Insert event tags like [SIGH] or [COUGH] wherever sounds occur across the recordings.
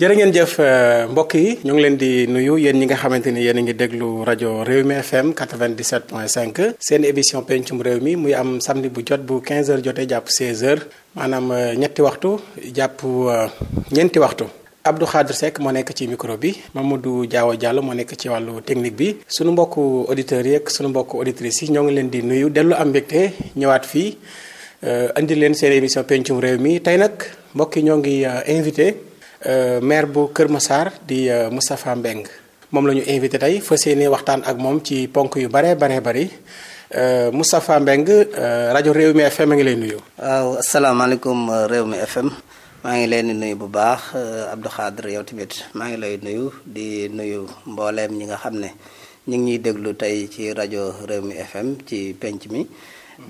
jërë ngeen jëf euh, mbokk yi ñoo ngi leen di nuyu yéen ñi nga xamante ni yéen a ngi déglu rajo Rewmi FM 97.5 seen émission pencum réew mi muy am samedi bu jot bu 15h jotee jàpp 16h maanaam euh, ñetti waxtu jàpp euh, ñeenti waxtu. Abdou Khadre Seck moo nekk ci micro bi du Diaw Diallo moo nekk ci wàllu technique bi suñu mbokk auditeurs yi ak sunu mbokku auditrices yi ñoo ngi leen di nuyu dellu am mbégte ñëwaat fii indi leen seen émission pencum réew mi tey nag mbokk yi ñoo ngi invité. Euh, maire bu Kër Massar di euh, Moustapha Mbeng moom la ñu invité tey fas yéene waxtaan ak moom ci ponk yu bare bare bari euh, Moustapha Mbeng rajo réew mi FM a ngi lay nuyu. waaw réew mi FM. maa ngi leen nuyu bu baax Abdou Khadre yow tamit maa ngi lay nuyu di nuyu mbooleem ñi nga xam ne ñu ngi ñuy déglu tey ci rajo réew mi FM ci penc mi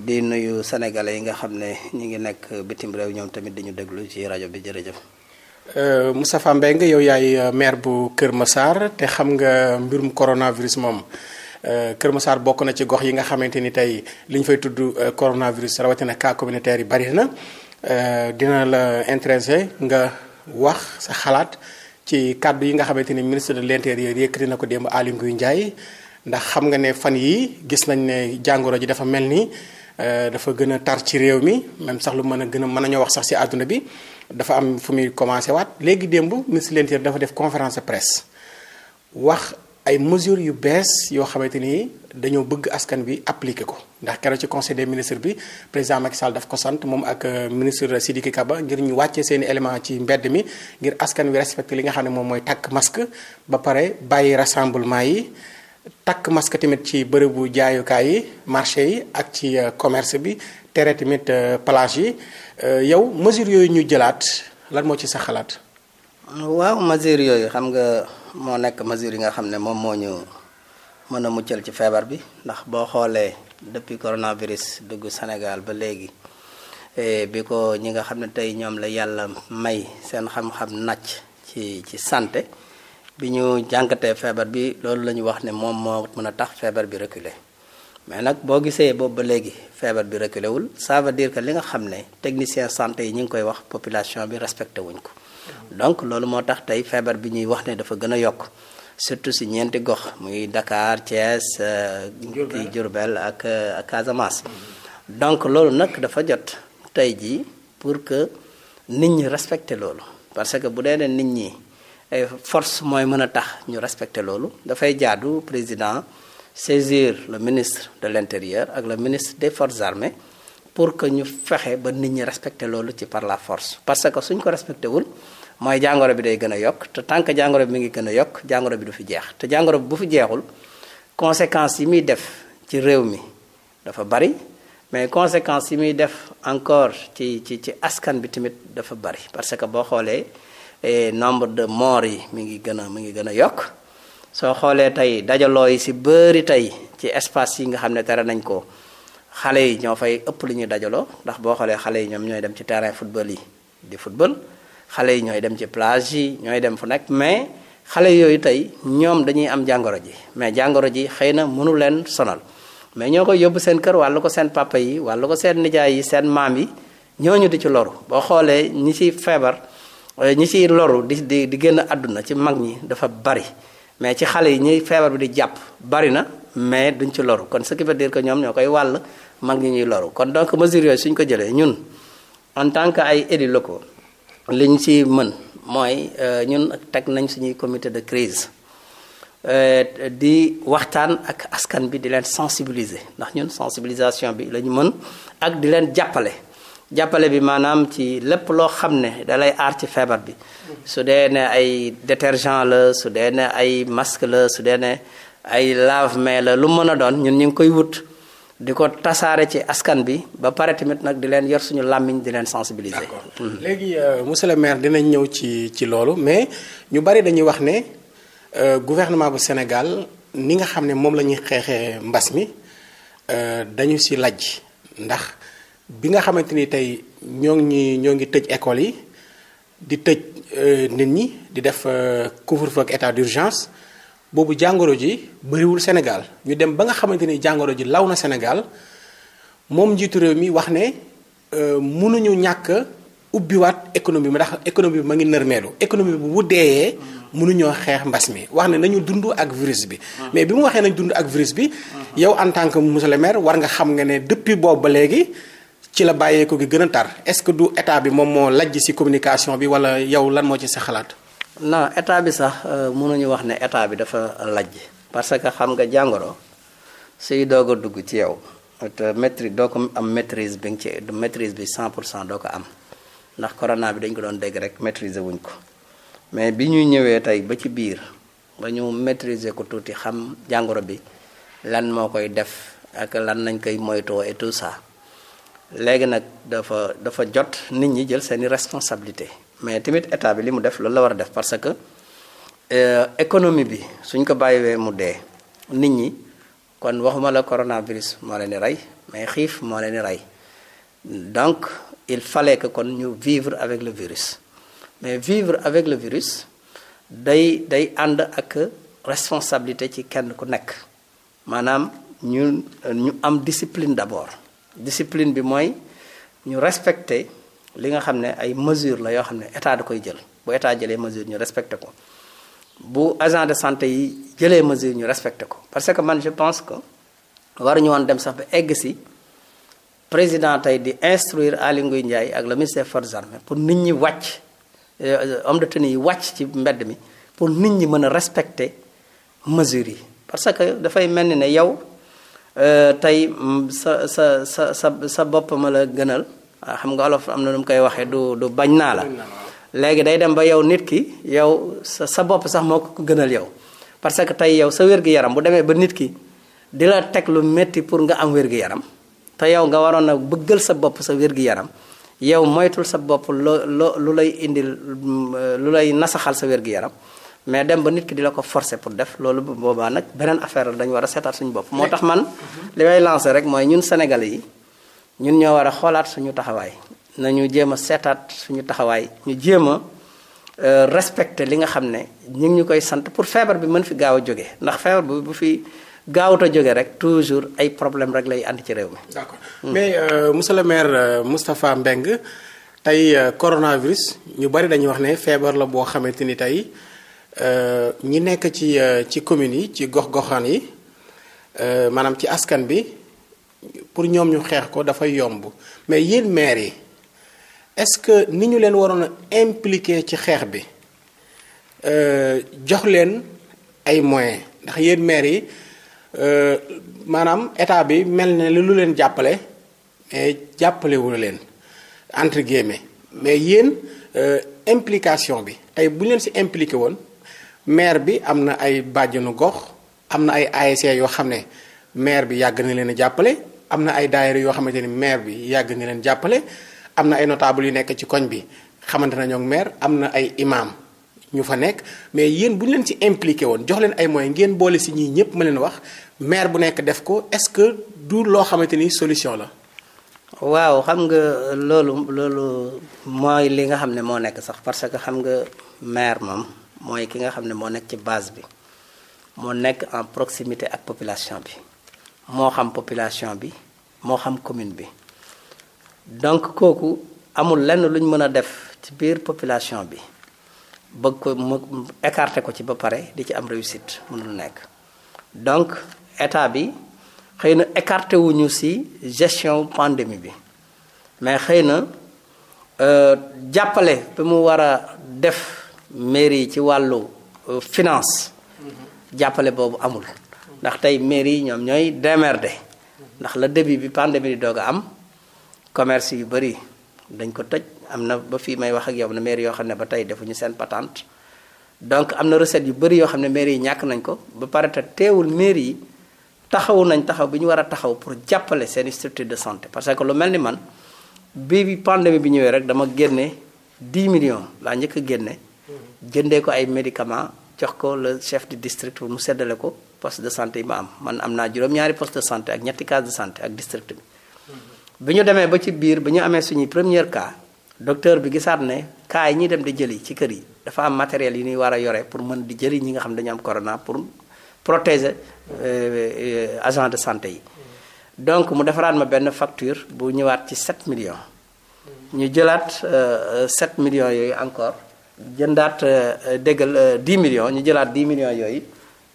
di nuyu sénégalais yi nga xam ne ñu ngi nekk bitim réew ñoom tamit di ñu déglu ci rajo bi jërëjëf. Euh, Moustapha Mbengue yow yaay euh, maire bu Kër Massar te xam nga mbirum coronavirus moom euh, Kër Massar bokk na ci gox yi nga xamante ni tey li ñu fay tudd coronavirus rawatina cas communautaire yi bari na dina la intéressé nga wax sa xalaat ci kàddu yi nga xamante ni ministre de l'intérieur yëkkati na ko démb Aly Ngouille ndax xam nga ne fan yi gis nañ ne jàngoro ji dafa mel ni dafa gën a tar ci réew mi même sax lu mën a gën a mën a wax sax ci àdduna bi. dafa am fu muy commencé waat léegi démb ministre de l'Intérieur dafa def conférence de wax ay mesures yu bees yoo xamante ni dañoo bëgg askan bi appliquer ko ndax keroog ci conseil des ministres bi président Macky Sall daf ko sant moom ak euh, ministre Sidiki ba ngir ñu wàccee seeni i ci mbedd mi ngir askan wi respecté li nga xam ne moom mooy takk masque ba pare bàyyi rassemblement yi takk masque tamit ci bërëbu jaayukaay yi marché yi ak ci euh, commerce bi tere tamit euh, plage yi euh, yow mesure yooyu ñu jëlaat lan moo ci sa xalaat. Euh, waaw mesure yooyu xam nga moo nekk mesure yi nga xam ne moom moo ñu mën a muccal ci feebar bi ndax boo xoolee depuis coronavirus dugg Sénégal ba léegi eh, bi ko ñi nga xam ne tey ñoom la yàlla may seen xam-xam nàcc ci ci santé bi ñu jàngatee feebar bi loolu la ñu wax ne moom moo mën a tax feebar bi reculer. mais nag boo gisee boobu ba léegi feebar bi reculé wul ça veut que li nga xam ne technicien santé yi ñu ngi koy wax population bi respecté wuñ ko donc loolu moo tax tey feebar bi ñuy wax ne dafa gën a yokk surtout si ñeenti gox muy Dakar Thiès. Euh, Diourbel Diourbel ak euh, ak Casamance. donc loolu nag dafa jot tey jii pour que nit ñi respecté loolu parce que bu dee ne nit ñi force mooy mën a tax ñu respecté loolu dafay jaadu président. saisir le ministre de l'intérieur ak le ministre des forces armées pour que ñu fexe ba nit ñi respecter loolu ci par la force parce que suñ ko respecté wul mooy jàngoro bi day gën a yokk te tant que jàngoro bi mi ngi gën a yokk jàngoro bi du fi jeex te jàngoro bi bu fi jeexul conséquences yi muy def ci réew mi dafa bari mais conséquences yi muy def encore ci ci ci askan bi tamit dafa bari parce que boo xoolee eh, nombre de morts yi mi ngi gën a mi ngi gën a yokk soo xoolee tey dajaloo yi si bëri tey ci espace yi nga xam ne tere nañ ko xale yi ñoo fay ëpp lu ñuy dajaloo ndax boo xoolee xale yi ñoom ñooy dem ci terrain football yi di football xale yi ñooy dem ci plage yi ñooy dem fu nekk mais xale yooyu tey ñoom dañuy am jàngoro ji mais jàngoro ji xëy na mënu leen sonal mais ñoo koy yóbbu seen kër wàllu ko seen papa yi wàllu ko seen nijaay yi seen maam yi ñooñu di ci loru boo xoolee ñi ciy feebar eh, ñi ciy loru di di di génn àdduna ci mag ñi dafa bari mais ci xale yi ñuy feebar bi di jàpp bari na mais duñ ci loru kon ce qui veut que ñoom ñoo koy wàll mag ñi ñuy loru kon donc mesures yooyu suñ ko jëlee ñun en tant que ay élus locaux liñ ci mën mooy euh, ñun teg nañ suñuy comité de crise euh, di waxtaan ak askan bi di leen sensibiliser ndax ñun sensibilisation bi la ñu mën ak di leen jàppale jàppale bi maanaam ci lépp loo xam ne dalay aar ci feebar bi su dee ne ay détergent la su dee ne ay masque la su dee ne ay lave-mains la lu mën a doon ñun ñu ngi koy wut di ko tasaare ci askan bi ba pare tamit nag di leen yor suñu làmmiñ di leen sensibiliser. d'accord hmm. léegi euh, monsieur le maire dinañ ñëw ci ci loolu mais ñu bari dañuy wax ne euh, gouvernement bu Sénégal ni nga xam ne moom la ñuy xeexee mbas mi euh, dañu si lajj ndax. bi nga xamante ni tey ñoo ngi ñoo ngi tëj école yi di tëj euh, nit ñi di def euh, couvre-feu ak état d'urgence boobu jàngoro ji bëriwul Sénégal ñu dem ba nga xamante ni jàngoro ji law na Sénégal moom njiitu réew mi wax ne euh, mënuñu ñàkk ubbi économie bi ndax économie bi ma ngi nërmeelu économie bi bu deeyee mënuñoo xeex mbas mi wax ne nañu dund ak virus bi. Ah. mais bi mu waxee nañ dund ak virus bi. Ah. yow en tant que monsieur le maire war nga xam nga ne depuis boobu ba léegi. ci la bàyyeeko gi gën a tar est-ce que du état bi moom moo lajj ci communication bi walla yow lan moo ci sa xalaat. non état bi sax mun euh, mënuñu wax ne état bi dafa lajj parce que xam nga jàngoro suy doog a dugg ci yow te maîtrise doo ko am maîtrise bi nga ci bi 100 pour cent doo ko am ndax corona bi dañ ko doon dégg rek maîtriser wuñ ko mais bi ñuy ñëwee tey ba ci biir ba ñu maîtriser ko tuuti xam jàngoro bi lan moo koy def ak lan nañ koy moytoo et tout ça. léegi nag dafa dafa jot nit ñi jël seeni responsabilité mais tamit état bi li mu def loolu la war a def parce que euh, économie bi suñ ko bàyyiwee mu dee nit ñi kon waxuma la coronavirus moo leen rey mais xiif moo leen di rey donc il fallait que kon ñu vivre avec le virus mais vivre avec le virus day day ànd ak responsabilité ci kenn ku nekk maanaam ñu ñu am discipline d'abord discipline bi mooy ñu respecter li nga xam ne ay mesures la yoo xam ne état du koy jël bu état jëlee mesure ñu respecté ko bu agent de santé yi jëlee mesure ñu respecté ko parce que man je pense que waruñu woon dem sax ba egg si président tey di instruire Aly Ngouille Ndiaye ak le ministère des forces pour nit ñi wàcc euh, homme de tenue yi wàcc ci mbedd mi pour nit ñi mën a respecter mesures yi parce que dafay mel ni ne yow Euh, tey mm, sa sa sa sa sa bopp ma la gënal ah, xam nga olof am na nu mu koy waxee du du bañ naa la léegi day dem ba yow nit ki yow sa sa bopp sax moo ko gënal yow parce que tey yow sa wér-gu-yaram bu demee ba nit ki di la teg lu métti pour nga am wér-gu-yaram te yow nga waroon a bëggal sa bopp sa wér-gu-yaram yow moytul sa bopp loo loo lu lay indil mm, lu lay nasaxal sa wér-gu-yaram mais dem ba nit ki di la ko forcer pour def loolu boobaa nag beneen affaire la dañu war a seetaat suñu bopp moo tax man li may lancé rek mooy ñun sénégalais yi ñun ñoo war a xoolaat suñu taxawaay nañu jéem a seetaat suñu taxawaay ñu jéem a euh, respecté li nga xam ne ñu ñu koy sant pour feebar bi mën fi gaaw a jóge ndax feebar bi bu fi gaawut a jóge rek toujours ay problème rek lay andi ci réew mi. d'accord hmm. mais euh, monsieur le maire euh, mbeng Mbengue tey coronavirus ñu bari dañuy wax ne feebar la boo xamante ni tey. Euh, ñi nekk ci euh, ci communes yi ci gox-goxaan yi euh, maanaam ci askan bi pour ñoom ñu xeex ko dafay yomb mais yéen maire yi est-ce que ni ñu leen waroon a impliqué ci xeex bi jox leen ay moyen ndax yéen maire yi maanaam état bi mel na lu leen jàppale mais jàppalewu leen entre guillemets mais yéen implication bi tey bu ñu leen si impliqué woon. maire bi am na ay bàjjenu gox am na ay ASC e yoo xam ne maire bi yàgg na leen jàppale am na ay daayira yoo xamante ni maire bi yàgg na leen jàppale am na ay notable yu nekk ci koñ bi xamante na ñoom maire am na ay imaam ñu fa nekk mais yéen bu ñu leen ci impliqué woon jox leen ay moyens ngeen boole si ñii ñëpp ma leen wax maire bu nekk def ko est-ce que du loo xamante ni solution la. waaw xam nga loolu loolu mooy li nga xam ne moo nekk sax parce que xam nga maire moom. mooy ki nga xam ne moo nekk ci base bi moo nekk en proximité ak population bi moo xam population bi moo xam commune bi donc kooku amul lenn luñ mën a def ci biir population bi bëgg ko mu écarter ko ci ba pare di ci am réussite mënul nekk donc état bi xëy na écarté wuñu ci gestion pandémie bi mais xëy na euh, jàppale bi mu war a def mairie yi ci wàllu euh, finance mm-hmm. jàppale boobu amul ndax tey mairie yi ñoom ñooy démerdé mm-hmm. ndax la début bi pandémie di doog a am commerce yu bëri dañ ko tëj am na ba fii may wax ak yow na mairie yoo xam ne ba tey defuñu seen patente donc am na recette yu bëri yoo xam ne mairie yi ñàkk nañ ko ba pare te teewul mairie yi taxawu nañ taxaw bi ñu war a taxaw pour jàppale seen structure de santé parce que lu mel ni man bi pandémie bi ñëwee rek dama génne 10 millions laa njëkk a génne jëndee ko ay médicaments jox ko le chef du district mu seddale ko poste de santé yi ma am man am naa juróom-ñaari poste de santé ak ñetti case de santé ak district bi. Mhm. bi ñu demee ba ci biir bi ñu amee suñuy première cas docteur bi gisaat ne cas yi ñuy dem di jëli ci kër yi dafa am matériel yi nuy war a yore pour mën di jëli ñi nga xam dañu am corona pour protéger euh, agent de santé yi. Mhm. donc mu defaraat ma benn facture bu ñëwaat ci 7 millions. Mhm. ñu jëlaat 7 euh, euh, millions yooyu encore. jëndaat euh, euh, déggal 10 euh, million ñu jëlaat 10 millions yooyu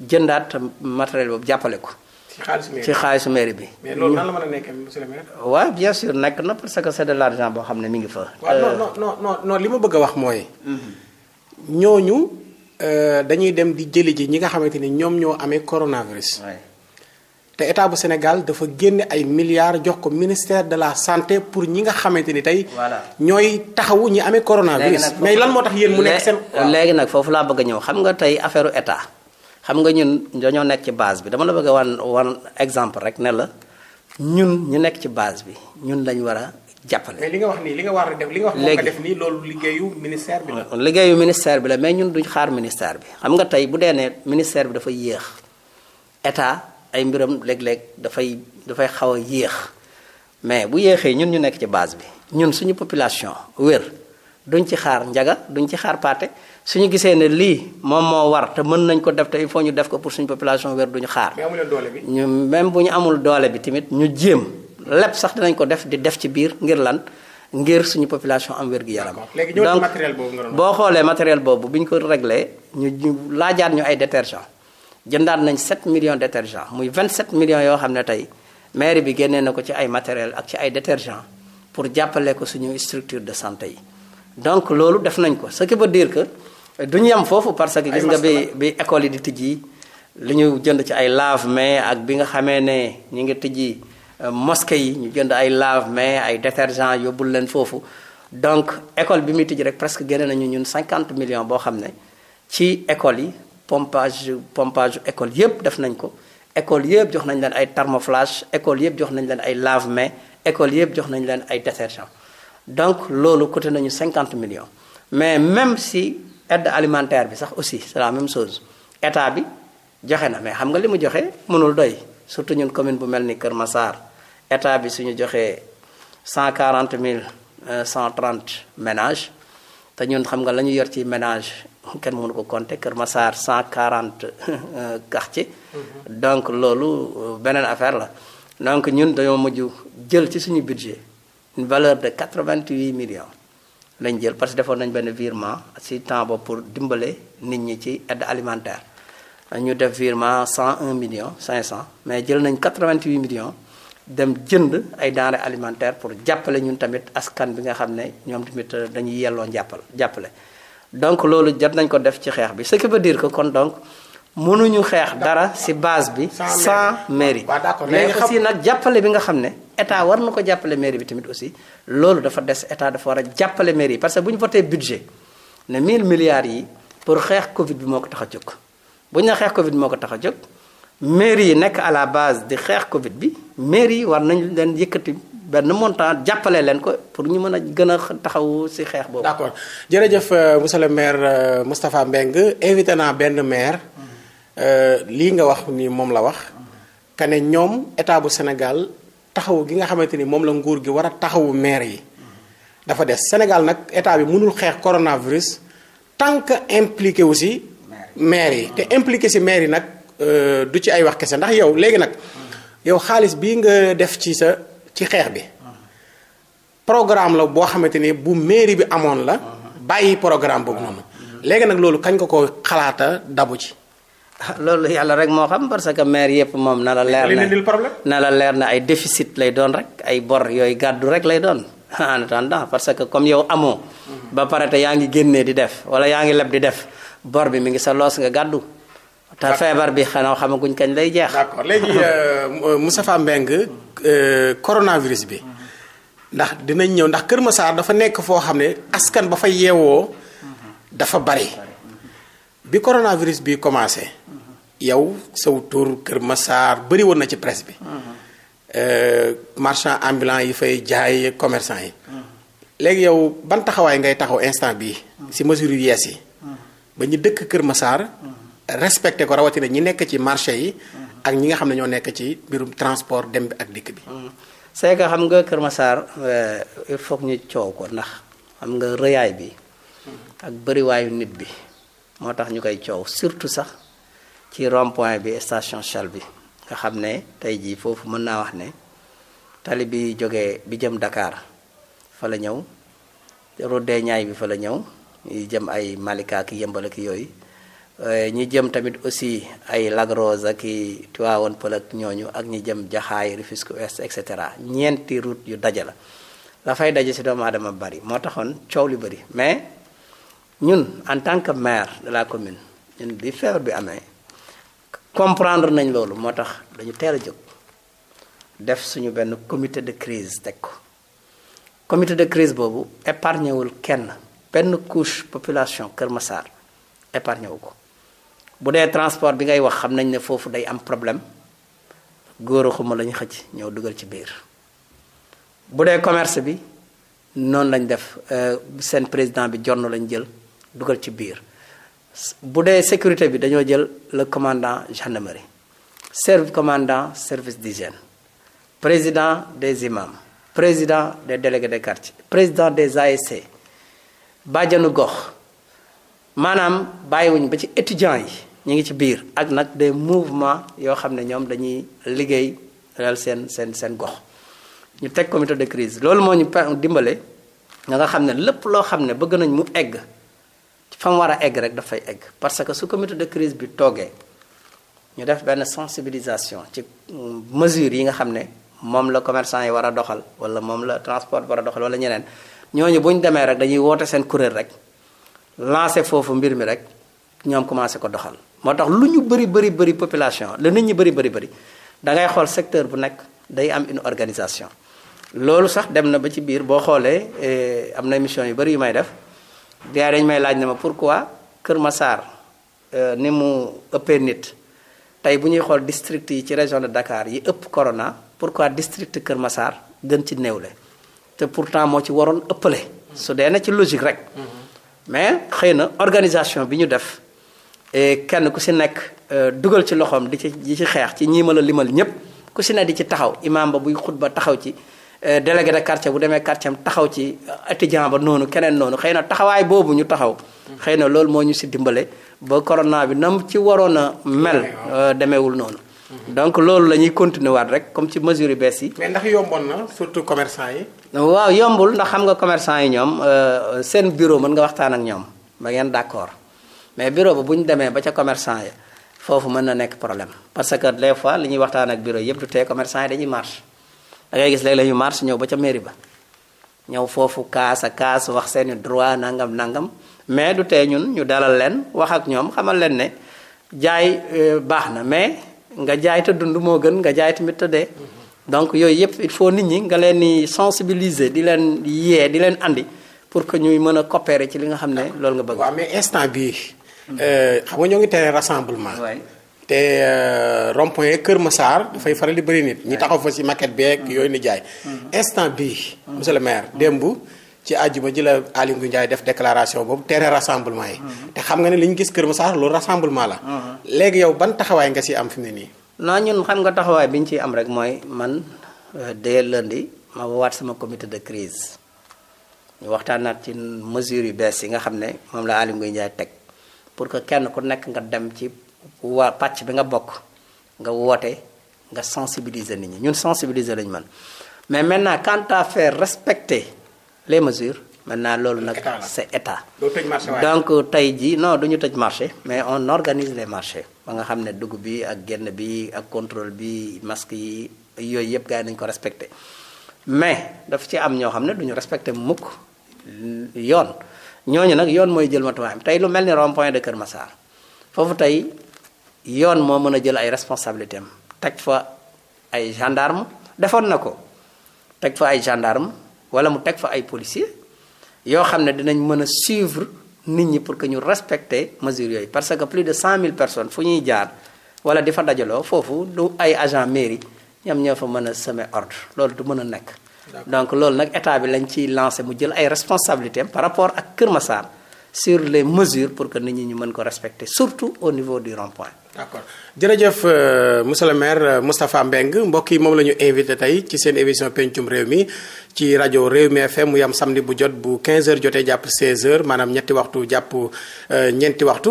jëndaat matériel boobu jàppale ko. ci xaalisu mairie bi xaalisu mairie bi. mais loolu nan la mën a nekkee monsieur le maire. waaw bien sûr nekk na parce que c'est de l'argent boo xam ne mu ngi fa. waaw non non non li ma bëgg a wax mooy. Mhm. ñooñu dañuy dem di jëli ji ñi nga xamante ni ñoom ñoo amee coronavirus. te état bu Sénégal dafa génne ay milliards jox ko ministère de la santé pour ñi nga xamante ni tey. ñooy taxawu ñi amee coronavirus. mais lan moo tax yéen mu nekk seen. léegi nag foofu laa bëgg ñëw xam nga tey affaire état xam nga ñun dañoo nekk ci base bi dama la bëgg a wan wan exemple rek ne la ñun ñu nekk ci base bi ñun lañ war a jàppale. mais li nga wax nii li nga war a def li wax moo nga def nii loolu liggéeyu ministère bi la. liggéeyu ministère bi la mais ñun duñ xaar ministère bi xam nga tey bu dee ne ministère bi dafa yéex état. ay mbiram léeg-léeg dafay dafay xaw a yéex mais bu yéexee ñun ñu nekk ci base bi ñun suñu population wér duñ ci xaar njaga duñ ci xaar paate suñu gisee ne lii moom moo war mën nañ ko def te il ñu def ko pour suñu population wér duñu xaar. mais doole bi ñu même bu ñu amul doole bi tamit ñu jéem lépp sax dinañ ko def di def ci biir ngir lan. ngir suñu population am wér gu yaram. donc boo xoolee matériel boobu bi ñu ko réglé ñu laajaat ñu ay détergent jëndaan nañ 7 million détergents muy vingt 27 millions yoo xam ne tey mairie bi génnee na ko ci ay matériel ak ci ay détergents pour jàppale ko suñu structure de santé yi donc loolu def nañ ko ce ba diir dire du duñu yem foofu parce que gis nga bi bi école yi di tijji li ñu jënd ci ay lave-mains ak bi nga xamee ne ñu ngi tijji euh, mosquée yi ñu jënd ay lave-mains ay détergents yóbbul leen foofu donc école bi muy tijji rek presque génne nañu ñun cinquante millions boo xam ne ci école yi pompage pompage école yëpp def nañ ko école yëpp jox nañ leen ay thermoflash école yëpp jox nañ leen ay lave-mains école yëpp jox nañ leen ay détergent donc loolu coûté nañu 50 millions mais même si aide alimentaire bi sax aussi c'est la même chose état bi joxe na mais xam nga li ma joxe mënul doy surtout ñun commune bu mel ni Kër Massar état bi suñu joxee 140 mille 130 euh, ménages te ñun xam nga la ñu yor ci ménage kenn mënu ko compter Kër Massar 140 ci euh, mhm. donc loolu euh, beneen affaire la donc ñun dañoo mujj jël ci suñu budget une valeur de 88 millions lañ jël parce que defoon nañ benn virement ci temps pour dimbale nit ñi ci aide alimentaire ñu def cent un million cinq cent mais jël nañ 88 million dem jënd ay denrées alimentaire pour jàppale ñun tamit askan bi nga xam ne ñoom tamit dañuy yelloo jàppal jàppale donc loolu jot nañ ko def ci xeex bi ce qui veut dire que kon donc munuñu xeex dara si base bi. sans mairie mais aussi nag jàppale bi nga xam ne état war na ko jàppale mairie bi tamit aussi loolu dafa des état dafa war a jàppale mairie parce que bu ñu voté budget ne 1000 milliards yi pour xeex Covid bi moo ko tax a jóg bu ñu la xeex Covid moo ko tax a jóg. mairie yi nekk à la base di xeex Covid bi mairie yi war nañ leen yëkkati benn montant jàppale leen ko pour ñu mën a gën a taxaw si xeex boobu. d'accord jërëjëf euh, monsieur le maire euh, Moustapha Mbengue invité naa benn maire euh, lii nga wax nii moom la wax que ne ñoom état bu Sénégal taxaw gi nga xamante ni moom la nguur gi war a taxawu maire yi. dafa des Sénégal nag état bi mënul xeex coronavirus tant que impliqué wu si. maire yi te impliqué si maire yi nag. Euh, du ci ay wax kese ndax yow léegi nag yow xaalis bii nga def ci sa ci xeex bi programme la boo xamante ni bu mairie bi amoon la bàyyi programme boobu noonu léegi nag loolu kañ ko ko xalaata dabu ci ah, loolu yàlla rek moo xam parce que maire yëpp moom na la leer na na la leer na ay déficit lay doon rek ay bor yooyu gàddu rek lay doon [LAUGHS] en attendant parce que comme yow amoo ba pare te yaa ngi génnee di def wala yaa ngi leb di def bor bi mi ngi sa loos nga gàddu te feebar bi xanaa xamaguñ kañ lay jeex. d'accord léegi euh, euh, Moustapha Mbengue euh, coronavirus bi ndax dinañ ñëw ndax Kër Massar dafa nekk foo xam ne askan ba fa yeewoo dafa bari bi coronavirus bi commencé yow sow tur Kër Massar bëri woon na ci presse bi. marchand ambulant yi fay jaay commerçant yi. léegi yow ban taxawaay ngay taxaw instant bii. si mesure yees yi. ba ñu dëkk Kër Massar. respecté ko rawatina ñi nekk ci marché yi. ak ñi nga xam ne ñoo nekk ci mbirum transport dem bi ak dikk bi. Mm. c'est que xam nga Kër Massar euh, il faut ñu coow ko ndax xam nga rëyaay bi. ak bëriwaayu nit bi. moo tax ñu koy coow surtout sax ci rond-point bi station Shell bi nga xam ne tey jii foofu mën naa wax ne tali bi jógee bi jëm dakaar fa la ñëw route des Niayes bi fa la ñëw yi jëm ay Malika ki yëmbal ak yooyu. Eh, ñi jëm tamit aussi ay Lagrose ak i Tivaouane Peul ak ñooñu ak ñi jëm Jaxaay Rufisque Ouest et cetera ñeenti route yu daje la la fay daje si doomu aadama bari moo taxoon coow li bari mais ñun en tant que maire de la commune ñun bi feebar bi amee comprendre nañ loolu moo tax dañu teel a jóg def suñu benn comité de crise teg ko comité de crise boobu épargné wul kenn benn couche population Kër Massar épargné wu ko. bu dee transport bi ngay wax xam nañ ne foofu day am problème góor xuma la ñu xëcc ñoo dugal ci biir bu dee commerce bi noonu lañ def euh, seen président bi jonn lañ jël dugal ci biir bu dee sécurité bi dañoo jël le commandant gendarmerie serve commandant service di d'hygiène président des imams président des délégués de quartier président des ASC bàjjanu gox maanaam bàyyiwuñ ba ci étudiants yi ñu ngi ci biir ak nag de mouvement yoo xam ne ñoom dañuy liggéey reel seen seen seen gox ñu teg comité de crise loolu moo ñu dimbale nga nga xam ne lépp loo xam ne bëgg nañ mu egg fa war a egg rek dafay egg parce que su comité de crise bi toogee ñu def benn sensibilisation ci mm, mesures yi nga xam ne moom la commerçant yi war a doxal wala moom la transport war a doxal wala ñeneen ñooñu bu ñu demee rek dañuy woote seen kuréel rek lancer foofu mbir mi rek ñoom commencé ko doxal moo tax lu ñu bëri bëri bëri population la nit ñi bëri bëri bëri dangay xool secteur bu nekk day am une organisation. loolu sax dem na ba ci biir boo xoolee eh, am na émission yu bëri yu may def gars dañ may laaj na ma pour pourquoi Kër Massar eh, ni mu ëppee nit tey bu ñuy xool district yi ci région de Dakar yi ëpp corona quoi district Kër Massar gën ci néew le te pourtant moo ci waroon ëppale. su dee na ci logique rek. Mm-hmm. mais xëy na organisation bi ñu def. Eh, kenn ku si nekk eh, dugal ci loxoom di ci di ci xeex ci ñii ma la limal ñëpp ku si ne di ci taxaw imaam ba buy xutba taxaw ci eh, délégué de quartier bu demee quartier taxaw ci étudiant ba noonu keneen noonu xëy na taxawaay boobu ñu taxaw. xëy na loolu moo ñu si dimbale ba corona bi nam ci waroon a mel. demeewul noonu. donc loolu la ñuy continuer rek comme ci mesure yu bees yi. mais ndax yomboon na surtout commerçant yi. waaw yombul ndax xam nga commerçant yi ñoom seen bureau mën nga waxtaan ak ñoom ba ngeen d'accord. mais bureau ba bu ñu demee ba ca commerçant ya foofu mën na nekk problème parce que des fois li ñuy waxtaan ak bureau yëpp du tee commerçant yi dañuy marche da gis léeg la ñu marche ñëw ba ca mairie ba ñëw foofu kaas a kaas wax seeni droit nangam nangam mais du tee ñun ñu dalal leen wax ak ñoom xamal leen ne jaay euh, baax na mais nga jaay te dund moo gën nga jaay tamit te dee donc yooyu yëpp il faut nit ñi nga leen di sensibiliser di leen yee di leen andi pour que ñuy mën a coopérer ci li nga xam ne loolu nga bëgg. waaw instant bii Euh, xam nga ñoo ngi tere rassemblement. te euh, rond kër Kër Massar dafay faral di bëri nit. ñi taxaw fa si maquette beeg mm-hmm. yooyu ni jaay. Mm-hmm. instant bi mm-hmm. monsieur le maire démb. ci àjjuma ji la Aliou Ndiaye def déclaration boobu tere rassemblement yi. te xam nga ne li ñu gis Kër Massar loolu rassemblement la. léegi yow ban taxawaay nga si am fi mu ne nii. non ñun xam nga taxawaay bi ñu ciy am rek mooy man euh, dès lundi ma woowaat sama commité de crise ñu waxtaanaat ci mesures yu bees yi nga xam ne moom la Aliou Ndiaye teg pour que kenn ku nekk nga dem ci waa pàcc bi nga bokk nga woote nga sensibiliser nit ñi ñun sensibiliser lañu man mais maintenant quant à faire respecter les mesures maintenant loolu nag c'est état donc euh, tey jii non du ñu tëj marché mais on organise les marchés ba nga xam ne dugg bi ak genn bi ak contrôle bi masque yi yooyu yëpp gars yi nañu ko respecté mais daf ci am ñoo xam ne du ñu respecté mukk yoon ñooñu nag yoon mooy jël matuwaayam tey lu mel ni rond point de Kër Massar foofu tey yoon moo mën a jël ay responsabilités am teg fa ay gendarme defoon na ko teg fa ay gendarme wala mu teg fa ay policier yoo xam ne dinañ mën a suivre nit ñi pour que ñu respecter mesures yooyu parce que plus de cent mille personnes fu ñuy jaar wala di fa dajaloo foofu du ay agent mairie ñam ñoo fa mën a seme ordre loolu du mën a nekk donc loolu nag état bi lañ ciy lancé mu jël ay responsabilités par rapport ak Kër Massar sur les mesures pour que nit ñi ñu mën ko respecter surtout au niveau du rond-point. d'accord jërëjëf euh, monsieur le maire euh, Moustapha Mbeng mbokk yi moom la ñu invité tey ci seen émission pencum réew mi ci rajo réew mi FM mu yam samedi bu jot bu 15h jotee jàpp 16h maanaam ñetti waxtu jàpp euh, ñeenti waxtu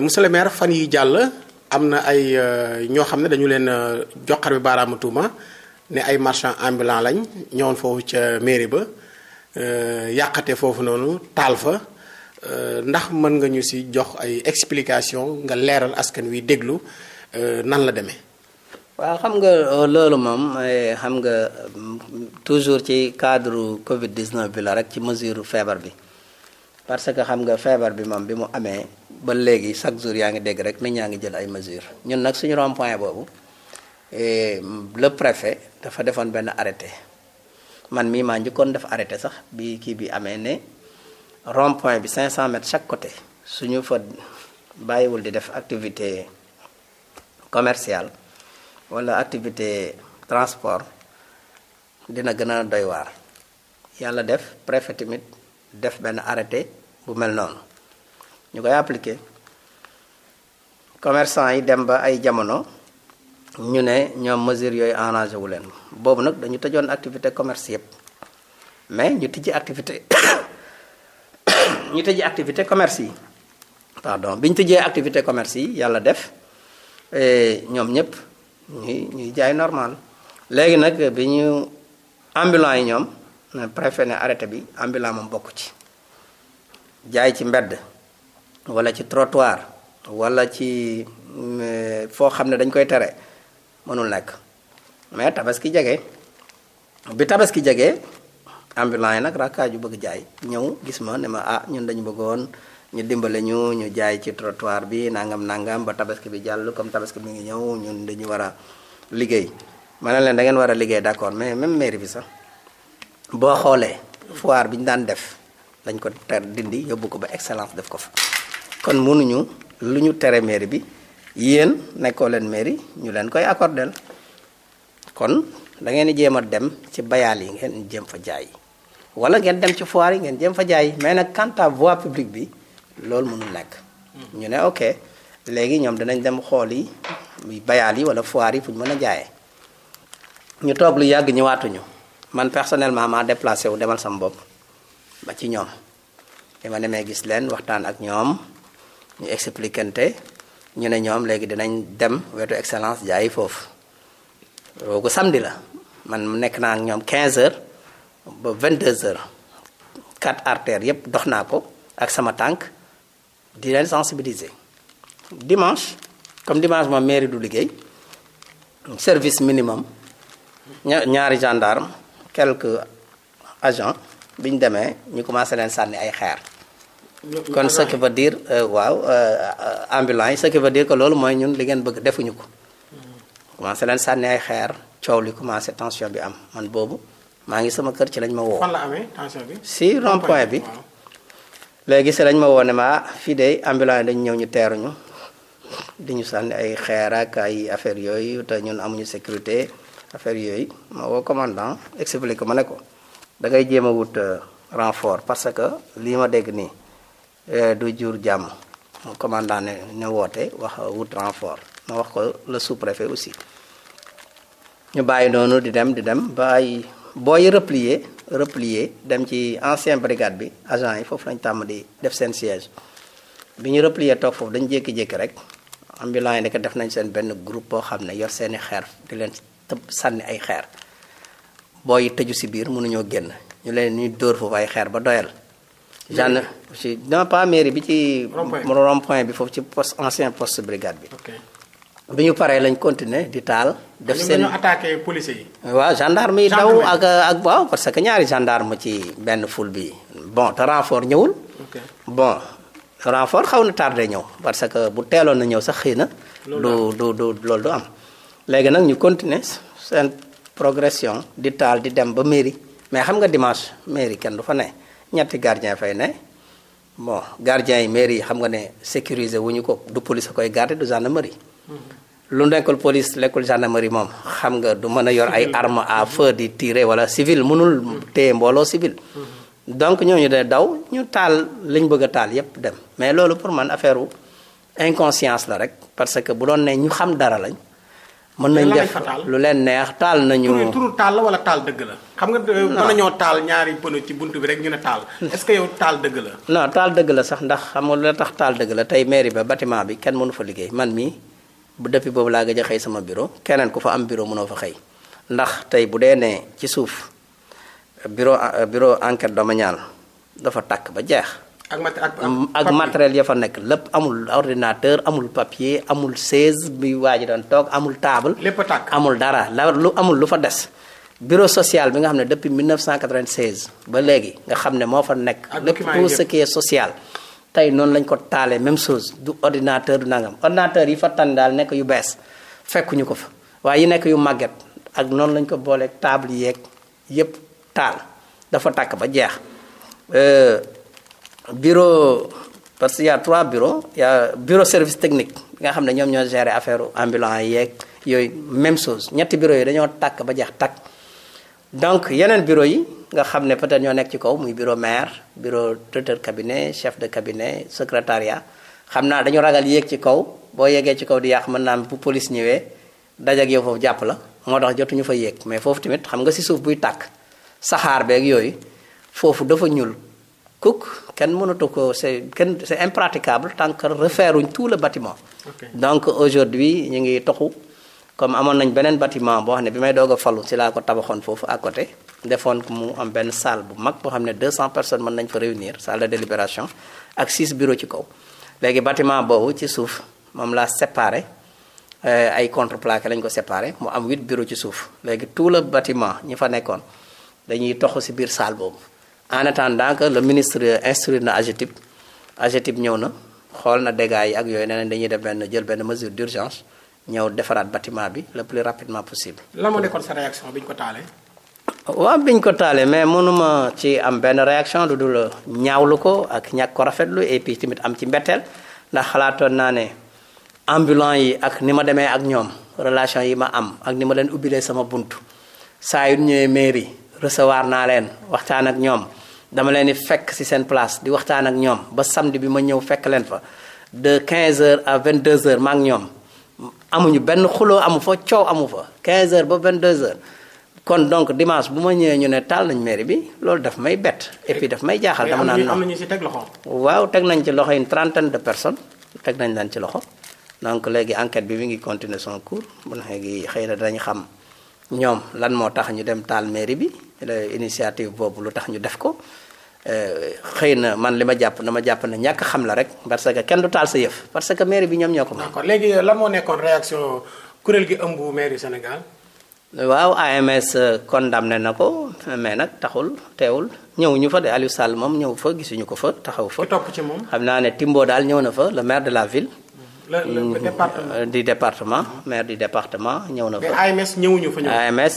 monsieur le maire fan yi jàll am na ay ñoo xam ne dañu leen joxar bi baaraamu ne ay marchand ambulant lañ ñëwoon foofu ca mairie ba euh, yàqate foofu noonu taal fa euh, ndax mën nga ñu si jox ay explication nga leeral askan wi déglu euh, nan la demee. waa xam nga loolu moom eh, xam nga toujours ci cadre Covid 19 bi la rek ci mesure feebar bi parce que xam nga feebar bi moom bi mu amee ba léegi chaque jour yaa ngi dégg rek nit ñaa ngi jël ay mesures ñun nag suñu rond point boobu. le préfet dafa defoon benn arrêté man mii maa njëkkoon def arrêté sax bi kii bi amee ne rond bi 500 mètres chaque côté suñu fa bàyyiwul di def activité commerciale wala activité transport dina gën a doy waar yàlla def préfet tamit def benn arrêté bu mel noonu ñu koy appliqué commerçant yi dem ba ay jamono. ñu ne ñoom mesure yooyu arrangé wu leen boobu nag dañu tëjoon activité commerce yëpp mais ñu tijji activité [COUGHS] ñu tëjee activité commerce yi pardon bi ñu tëjee activité commerce yi yàlla def e, ñoom ñëpp ñuy ñuy jaay normal léegi nag bi ñu ambulant yi ñoom préfet ne arrêté bi ambulant moom bokk ci jaay ci mbedd wala ci trottoir walla ci mm, foo xam ne dañ koy tere mënul nekk mais tabaski jege bi tabaski jege ambulant yi nag rakkaaju bëgg jaay ñëw gis ma ne ma ah ñun dañu bëggoon ñu dimbale ñu ñu jaay ci trottoir bi nangam nangam ba tabaski bi jàll comme tabaski bi ngi ñëw ñun dañu wara liggéey ma ne leen da ngeen war a liggéey d'accord mais même mairie bi sax boo xoolee foire bi ñu daan def dañ ko ter dindi yóbbu ko ba excellence def ko fa kon mënuñu lu ñu tere mairie bi yéen nekkoo leen mairie ñu leen koy accordel kon dangeen ngeen di jéem a dem ci bayaal yi ngeen jëm fa jaay wala ngeen dem ci foire yi ngeen jëm fa jaay mais nag quant à voie publique bi loolu mënul nekk. ñu ne ok léegi ñoom danañ dem xool yi muy bayaal yi wala foire yi fu ñu mën a jaayee. ñu toog lu yàgg ñëwaatuñu man personnellement maa déplacé wu demal sama bopp ba ci ñoom li ma demee gis leen waxtaan ak ñoom ñu expliquante ñu ne ñoom léegi dinañ dem wetu excellence jaayi foofu loolu samedi la man mu nekk naa ñoom 15 heures ba 22 heures quatre artères yépp dox naa ko ak sama tànk di leen sensibiliser dimanche comme dimanche moom mairie du liggéey service minimum ñaari gendarme quelque agent bi ñu demee ñu commencé leen sànni ay xeer kon ce qui diir euh, waaw euh, euh, ambulance yi ce qui veut dire loolu mooy ñun li ngeen bëgg defuñu ko. commencé leen sànni ay xeer coow li commencé tension bi am man boobu maa ngi sama kër ci lañ ma woo. fan amee tension bi. si rond bi. léegi si lañ ma woo ne ah, fii de ambulance dañ ñëw ñu teeruñu di ñu sànni ay xeer ak ay affaire yooyu te ñun amuñu sécurité affaire yooyu ma woo commandant expliqué ma ne ko da ngay jéem a wut renfort parce que lii ma dégg nii. Eh, du jur jàmm commandant ne ne woote wax euh, wut renfort na wax ko le sous-préfet aussi ñu bàyyi noonu di dem di dem bàyyi booy replier replier dem ci ancien brigade bi agent yi foofu lañ tàmm di def seen siège bi ñu replier toog foofu dañ jékki-jékki rek ambulant yi def nañ seen benn groupe boo xam ne yor seeni xeer di leen tëb sànni ay xeer booy tëju si biir mënuñoo génn ñu leen ñuy dóor foofu ay xeer ba doyal gendarme ci non pas mairie bi ci. rond point bi foofu ci poste ancien post brigade bi. bi ñu paree lañ continuer di taal. def seen ñoom attaqué police yi. waaw gendarme yi daw ak ak parce que ñaari gendarme ci benn ful bi bon te renfort ñëwul. bon renfort xaw na tardé ñëw parce que bu teeloon na ñëw sax xëy na. du du du loolu du am. léegi nag ñu continuer seen progression di taal di dem ba mairie mais xam nga dimanche mairie kenn du fa ne. ñetti gardien fay ne bon gardien yi mairie yi xam nga ne sécuriser wu ñu ko du police koy garder du gendarmerie. Mm-hmm. lu nekkul police lekkul gendarmerie moom xam nga du mën a yor ay armes à feu di tirer wala civil mënul mm-hmm. téye mbooloo civil. Mm-hmm. donc ñooñu de daw ñu taal liñ bëgg a taal yépp dem mais loolu pour man affaire inconscience la rek parce que bu doon ne ñu xam dara lañ. mën nañ def lu leen neex taal nañu. turu taal la wala taal dëgg la. xam nga mën nañoo taal ñaari pneu ci bunt bi rek ñu ne taal. [LAUGHS] est-ce que yow taal dëgg la. non taal dëgg la sax ndax xam nga lu tax taal dëgg la tey mairie ba batiment bi kenn mënu fa liggéey man mii bu depuis boobu laa gëj a xëy sama bureau keneen ku fa am bureau mënoo fa xëy ndax tey bu dee ne ci suuf bureau bureau enquête domaniale dafa tàkk ba jeex. ak mm, matériel ya fa nekk lépp amul ordinateur amul papier amul chaise bi waa ji doon toog amul table. lépp tàkk amul dara la lu amul lu fa des. bureau sociale bi nga xam ne depuis 1996 ba léegi nga xam ne moo fa nekk. lépp tout ce qui est tey noonu lañ ko taalee même chose du ordinateur du nangam ordinateur yi fa tànn daal nekk yu bees fekkuñu ko fa waaye yi nekk yu màgget ak noonu lañ ko booleeg table yeeg yépp taal dafa takk ba jeex. Euh, bureau parce que y' a trois bureaux y' bureau service technique bi nga xam ne ñoom ñoo gérer affaire ambulant yeeg yooyu même chose ñetti bureau yi dañoo tàkk ba jeex tàkk donc yeneen bureau yi nga xam ne peut-être ñoo nekk ci kaw muy bureau maire bureau directeur cabinet chef de cabinet secrétariat xam naa dañu ragal yéeg ci kaw boo yeggee ci kaw di yàq mën naa bu police ñëwee dajak yow foofu jàpp la moo tax jotuñu fa yéeg mais foofu tamit xam nga si suuf buy tàkk saxaar beeg yooyu foofu dafa ñuul kenn mënatu ko c'est kenn c'est impraticable tant que refairuñ tout le batiment donc aujourd'hui ñu ngi toxu comme amoon nañ beneen bâtiment boo xam ne bi may doog a falu si laa ko tabaxoon foofu à côté defoon ko mu am benn salle bu mag boo xam ne 200 personnes mën nañ fa réunir salle de délibération ak 6 ci kaw léegi bâtiment boobu ci suuf moom laa séparé euh, ay contre contreplaqué lañ ko séparé mu am 8 bureaux ci suuf léegi tout le batiment ñi fa nekkoon dañuy toxu si biir salle boobu en attendant que le ministre instruire na AGETIP AGETIP ñëw na xool na dégâts yi ak yooyu ne nañ dañuy def benn jël benn mesure d'urgence ñëw defaraat batiment bi le plus rapidement possible. la moo nekkoon sa réaction bi ñu ko taale waaw bi ko taalee mais mënuma ci am benn réaction du dul ñaawlu ko ak ñàkk ko rafetlu et puis tamit am ci mbetteel ndax xalaatoon naa ne ambulant yi ak ni ma demee ak ñoom relation yi ma am ak ni ma leen ubbilee sama bunt saa yu ñëwee mairie recevoir naa leen waxtaan ak ñoom. dama leen di fekk ci seen place di waxtaan ak ñoom ba samedi bi ma ñëw fekk leen fa de quinze heures à 22 heures ma ak ñoom amuñu benn xuloo amu fa coow amu fa quinze heures ba 22 heures kon donc dimanche bu ma ñëwee ñu ne taal nañ mairie bi loolu daf may bett et puis daf may jaaxal dama naan am nañu ci teg waaw teg nañ ci loxo une trentaine de personnes teg nañ leen ci loxo donc léegi enquête bi mi ngi continuer son cours bu léegi xëy na dañu xam ñoom lan moo tax ñu dem taal mairie bi initiative boobu lu tax ñu def ko Euh, xëy na man li ma jàpp na ma jàpp na ñàkk xam la rek parce que kenn du taal sa yëf parce que mairie bi ñoom ñoo ko moom. léegi la moo nekkoon réaction kuréel gi ëmb mairie Sénégal. waaw AMS euh, condamné na ko mais nag taxul teewul ñëw ñu fa de Aliou Sall moom ñëw fa gisuñu ko fa taxaw fa. topp ci moom xam naa ne timboo daal ñëw na fa le maire de la ville. le le mhm. département. Euh, du département maire du département ñëw na fa. mais AMS ñëwuñu fa ñëw. AMS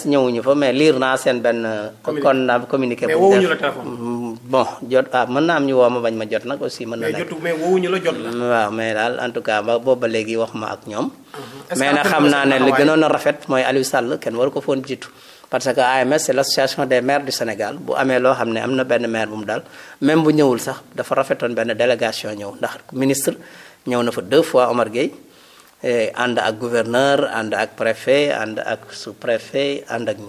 fa mais liir naa seen benn. kon na communiqué. mais woowuñu la mm, bon jot ah mën naa am ñu woo ma bañ ma jot nag aussi. mën na nekk mais jotu mais woowuñu la mm, waaw mais daal en tout cas ba booba léegi wax ma ak ñoom. Mhm. mais na xam naa ne li gënoon na rafet mooy Aliou Sall kenn waru ko foon jiitu. parce que AMS c'est l'association des maire du Sénégal bu amee loo xam ne am na benn maire bu mu daal même bu ñëwul sax dafa rafetoon benn délégation ñëw ndax ministre ñëw na fa deux fois Omar Gueye eh, ànd ak gouverneur ànd ak préfet ànd ak sous-préfet ànd ak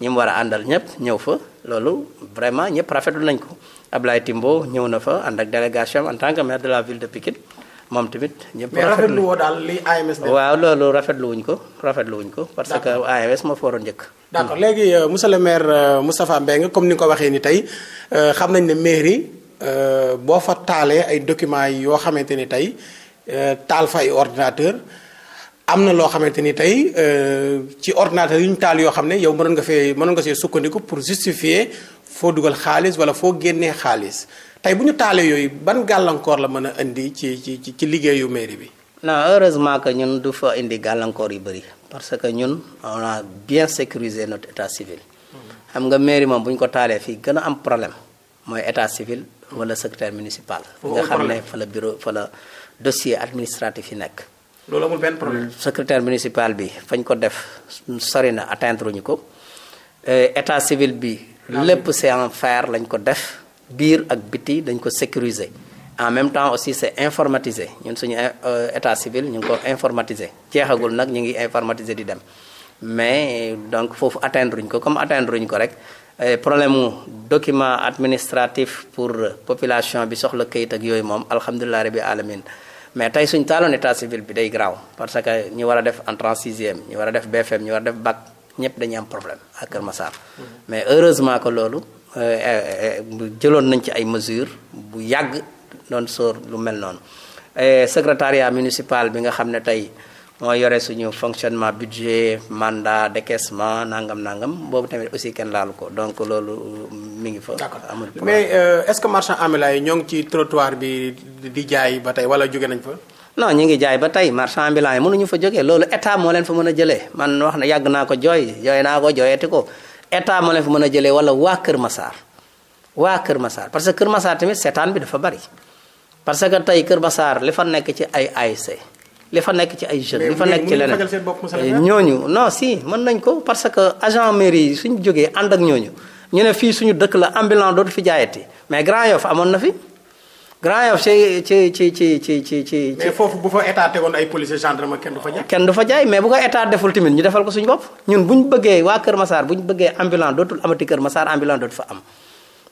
ñi mu war a àndal ñëpp ñëw fa loolu vraiment ñëpp rafetlu nañ ko Ablaye Timbo ñëw na fa ànd ak délégation en tant que de la ville de Pikine moom tamit ñëpp rafetlu woo daal li AMS waaw loolu rafetlu wuñ ko rafetlu wuñ ko parce que AMS ma fa njëkk d'accord léegi euh, monsieur le maire euh, Moustapha Mbengue comme ni nga ko waxee ni tey euh, xam nañ ne mairie Euh, boo fa taalee ay documents yoo xamante ni tey euh, taal fa ay ordinateur am na loo xamante ni tey euh, ci ordinateur yu ñu taal yoo xam ne yow mënoon nga fee mënoon nga see sukkandiku pour justifier foo dugal xaalis wala foo génnee xaalis tey bu ñu taalee yooyu ban gàllankoor la mën a indi ci ci ci liggéeyu mairie bi. non heureusement que ñun du fa indi gàllankoor yu bëri parce que ñun on a bien sécurisé notre état civil. Mm-hmm. xam nga mairie moom bu ñu ko taalee fii gën a am problème. mooy état civil wala secrétaire municipal. fi nga xam ne fa la bureau fa la dossier administratif yi nekk. loolu amul benn secrétaire municipal bi fañ ko def sori na atteindre ñu ko euh, état civil bi. Ah lépp c'est en fer lañ ko def. biir ak biti dañ ko sécuriser. en même temps aussi c'est informatisé ñun suñ euh, état civil ñu ngi ko informatisé jeexagul nag ñu ngi informatisé di dem mais donc foofu atteindre ñu ko comme atteindre ñu ko rek. Eh, problème mu document administratif pour population bi soxla kayit ak yooyu moom alhamdulilah rabbi alamin mais tey suñ taaloon état civil bi day garaaw parce que ñi war a def entrant sixième ñi war a def BFM ñi war a def bac ñëpp dañu am problème ak Kër Massar mais heureusement que loolu eh, eh, jëloon nañ ci ay mesures bu yàgg doon sóor lu mel noonu secrétariat municipal bi nga xam ne tey moo yore suñu fonctionnement budget manda décaissement nangam nangam boobu tamit aussi kenn laalu ko donc loolu euh, mi ngi fa. amul mais euh, est-ce que marchand ambulant yi ñoo ngi ci trottoir bi di jaay ba tey wala jóge nañ fa. non ñu ngi jaay ba tey marchand ambulant yi mënuñu fa jógee loolu état moo leen fa mën a jële man wax ne yàgg naa ko jooy jooy naa ko jooyati ko état moo leen fa mën a jëlee wala waa Kër Massar waa Kër Massar parce que Kër Massar tamit seetaan bi dafa bari parce que tey Kër Massar li fa nekk ci ay ay ASC. li fa nekk ci ay jeunes. li fa nekk ci leneen eh, ñooñu no si mën nañ ko parce que agent mairie yi suñu jógee ànd ak ñooñu ñu ne fii suñu dëkk la ambulant dootu fi jaayati mais Grand Yoff amoon na fi. Grand Yoff ci ci ci ci ci ci ci. mais foofu bu fa état tegoon ay policiers gendarme kenn du fa kenn du fa jaay mais bu ko état deful tamit ñu defal ko suñu bopp ñun bu ñu bëggee waa Kër Massar bu ñu bëggee ambulant dootul amati Kër masaar ambulant dootu fa am.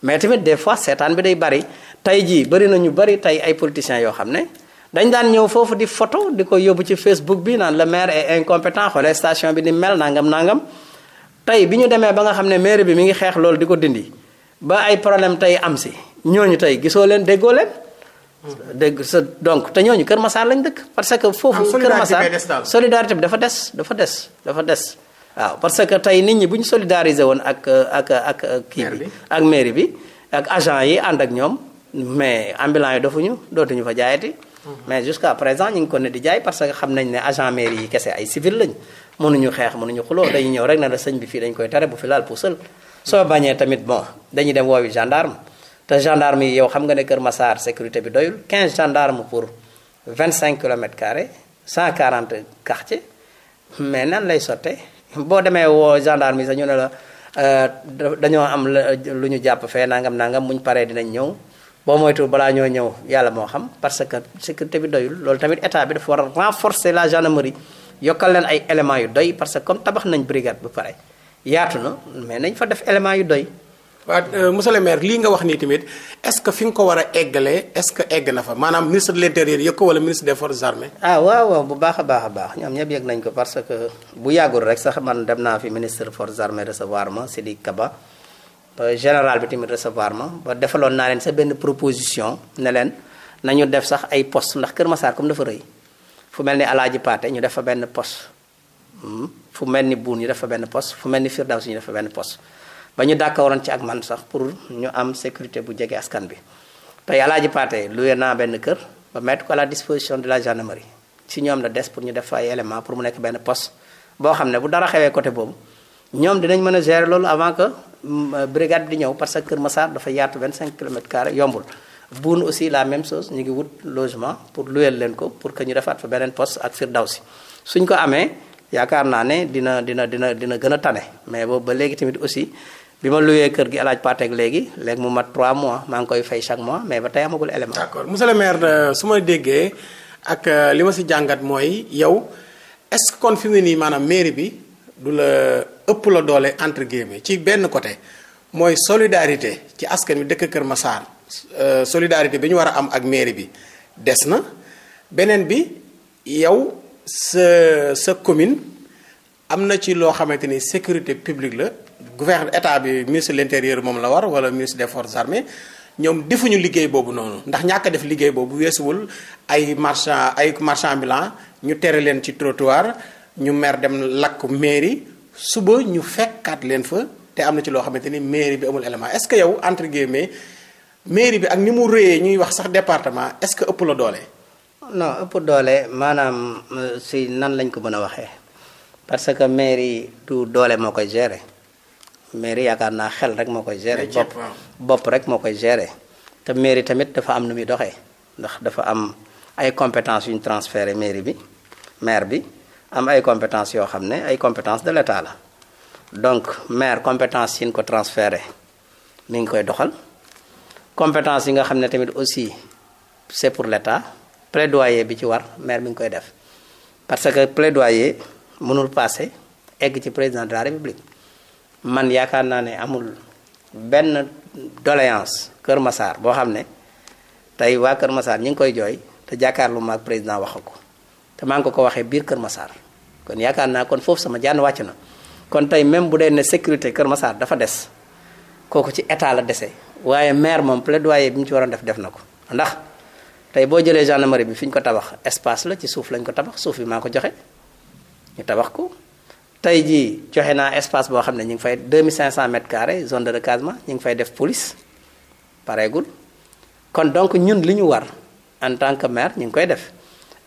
mais tamit des fois seetaan bi day bari tey jii bari na ñu bari tey ay politiciens yoo xam ne dañ daan ñëw foofu di photo di ko yóbbu ci Facebook bi naan la maire est incompétent xoolal station bi ni mel nangam nangam tey bi ñu demee ba nga xam ne maire bi mu ngi xeex loolu di ko dindi ba ay problème tey am si ñooñu tey gisoo leen déggoo leen. dégg sa donc te ñooñu Kër Masar lañ dëkk. parce que foofu ah, Kër Masar solidarité bi dafa des dafa des dafa des. waaw parce que tey nit ñi bu ñu solidariser woon ak ak ak kii bi ak mairie bi ak agent yi ànd ak ñoom mais ambulants yi dofuñu dootuñu fa jaayati. Mhm. mais jusqu'à présent ñu ngi ko ne di jaay parce que xam nañ ne agent mairie yi kese ay civil lañ mënuñu xeex mënuñu xuloo dañu ñëw rek ne la señ bi fii dañ koy tere bu fi laal puusal soo bañee tamit bon dañuy dem woowi gendarme te gendarme yi yow xam nga ne Kër Massar sécurité bi doyul 15 gendarme pour 25 kilomètres carrés 140 quartiers mais nan lay sottee boo demee woo gendarme yi sax ñu ne la euh, dañoo am lu ñu jàpp fee nangam nangam bu ñu paree dinañ ñëw boo moytuwul balaa ñoo ñëw yàlla moo xam parce que sécurité bi doyul loolu tamit état bi dafa war a renforcer la gendarmerie yokkal leen ay éléments yu doy parce que comme tabax nañ brigade ba pare yaatu na mais nañ fa def éléments yu doy. waaw euh, monsieur maire lii nga wax nii tamit est-ce que fi nga ko war a eggalee est-ce que egg na fa maanaam ministre de l'intérieur yëg ko wala ministre des forces armées. ah waaw waaw bu baax a baax a baax ñoom ñëpp yegg nañ ko parce que bu yàggul rek sax dem naa fi ministre forces armées recevoir ma Sidiki Kaba. ba général bi tamit recevoir ma ba defaloon naa leen sa benn proposition ne nañu def sax ay post ndax Kër ma Massar comme dafa rëy fu mel ni Alaaji Paate ñu def fa benn post hmm? fu mel ni Buun ñu def fa benn poste fu mel ni Firdawsi ñu def fa benn post ba ñu dàkkawaroon ci ak man sax pour ñu am sécurité bu jege askan bi tey Alaaji Paate loué naa benn kër ba mettre ko à la disposition de la gendarmerie si ñoom la des pour ñu def fa ay élément pour mu nekk benn post boo xam ne bu dara xewee côté boobu Euh, brigade di ñëw parce que Kër Massar dafa yaatu 25 kilomètres carrés yombul. buun aussi la même chose ñu ngi wut logement pour luyel leen ko pour que ñu defaat fa beneen poste ak Firdawsi suñ ko amee yaakaar naa ne dina dina dina dina gën a tane mais boobu ba léegi tamit aussi bi ma luyee kër gi alaaj Patek léegi léegi mu mat 3 mois maa ngi koy fay chaque mois mais ba tey amagul élément. d'accord monsieur euh, su ma déggee ak euh, li ma si jàngat mo yow est ëpp la doole entre guillemets ci benn côté mooy solidarité ci askan wi dëkk Kër Massar euh, solidarité bi ñu war a am ak mairie bi des na beneen bi yow sa sa commune am na ci loo xamante ni sécurité publique la gouverne état bi ministre l'intérieur moom la war wala ministre des forces armées ñoom defuñu liggéey boobu noonu ndax ñàkk def liggéey boobu weesuwul ay marchand ay marchand ambulant ñu tere leen ci trottoir ñu mer dem lakk mairie suba ñu fekkaat leen fa te am na ci loo xamante ni mairie bi amul élément est-ce que yow entre guillemets mairie bi ak ni mu rëyee ñuy wax sax département est-ce que ëpp la doole. no ëpp doole maanaam euh, si nan lañ ko mën a waxee parce que mairie du doole moo koy gérer mairie yaakaar naa xel rek moo koy gere bopp bopp rek moo koy gérer. te mairie tamit dafa am nu muy doxee ndax dafa am ay compétences yu ñu transféré mairie bi maire bi. am ay compétence yoo xam ne ay compétence de l'état la donc maire compétence yi ñu ko transféré mi ngi koy doxal compétence yi nga xam ne tamit aussi c'est pour l'état plaidoyer bi ci war maire mi ngi koy def parce que plaidoyer mënul passé egg ci président de la république man yaakaar naa ne amul benn doléance Kër masaar boo xam ne tey waa Kër Massar ñi ngi koy jooy te jàkkaarlu maag président waxu ko te maa ngi ko ko waxee biir Kër Massar kon yaakaar naa kon foofu sama jaan wàcc na kon tey même bu dee ne sécurité Kër masaar dafa des kooku ci état la dese waaye maire moom plaidoyer bi mu ci waroon def def na ko ndax tey boo jëlee gendarmerie bi fi ñu ko tabax espace la ci suuf lañ ko tabax suuf bi maa ko joxe ñu tabax ko tey jii joxe naa espace boo xam ne ñu ngi fay deux cinq 2500 mètres carrés zone de recasement ñu ngi fay def police pareegul kon donc ñun li ñu war en tant que ñu ngi koy def.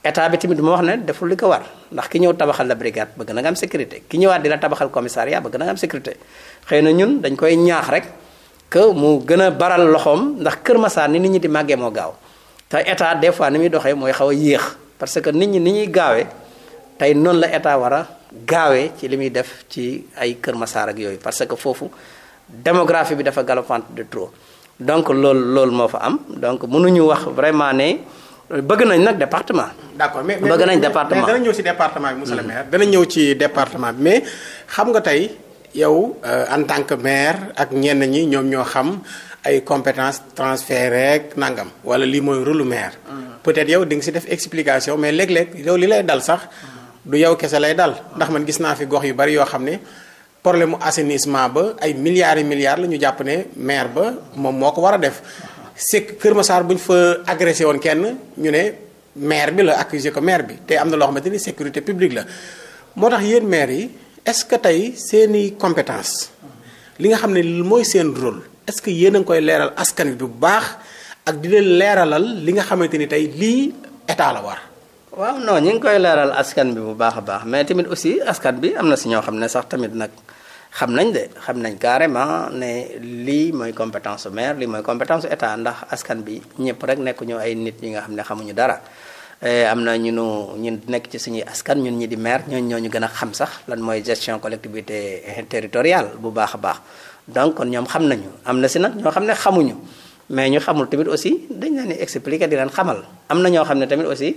état bi tamit ma wax ne deful li ko war ndax ki ñëw tabaxal la brigade bëgg na nga am sécurité ki ñëwaat di la tabaxal commissariat bëgg na a am sécurité xëy na ñun dañ koy ñaax rek que mu gën a baral loxoom ndax Kër Massar ni nit ñi di màggee moo gaaw te état des fois ni muy doxee mooy xaw a yéex parce que nit ñi ni ñuy gaawee tey noonu la état war a gaawee ci li muy def ci ay Kër Massar ak yooyu parce que foofu démographie bi dafa galopante de trop donc loolu loolu moo fa am donc mënuñu wax vraiment ne. bëgg nañ nag département. d'accord mais bëgg nañ département mais danañ ñëw ci département bi monsieur le maire. danañ ñëw ci département bi mais xam nga tey yow euh, en tant que maire ak ñenn ñi ñoom ñoo xam ay compétences transférées ak nangam wala lii mooy rôle maire. Mm-hmm. peut-être yow di nga ci def explication mais léeg-léeg yow li lay dal sax. Mm-hmm. du yow kese lay dal ndax man gis naa fi gox yu bari yoo xam ne problème mu assainissement ba ay milliards et milliards la ñu jàpp ne maire ba moom ko war a def. c'est que Kër Massar bu ñu fa agressé woon kenn ñu ne maire bi la accusé ko maire bi te am na loo xamante ni sécurité publique la moo tax yéen maire yi est-ce que tey seeni compétence li nga xam ne mooy seen rôle est-ce que yéen a ngi koy leeral askan bi bu baax ak di leen leeralal li nga xamante ni tey lii état la war. waaw non ñu ngi koy leeral askan bi bu baax a baax mais tamit aussi askan bi am na si ñoo xam ne sax tamit nag. xam nañ de xam nañ carrément ne lii mooy compétence maire lii mooy compétence état ndax askan bi ñëpp rek nekk ñu ay nit ñi nga xam ne xamuñu dara eh, am na ñu nu ñun nekk ci suñuy askan ñun ñi di maire ñooñu ñoo ñu gën a xam sax lan mooy gestion collectivité territoriale bu baax a baax donc kon ñoom xam nañu am na si nag ñoo xam ne xamuñu mais ñu xamul tamit aussi dañ leen expliquer di leen xamal am na ñoo xam ne tamit aussi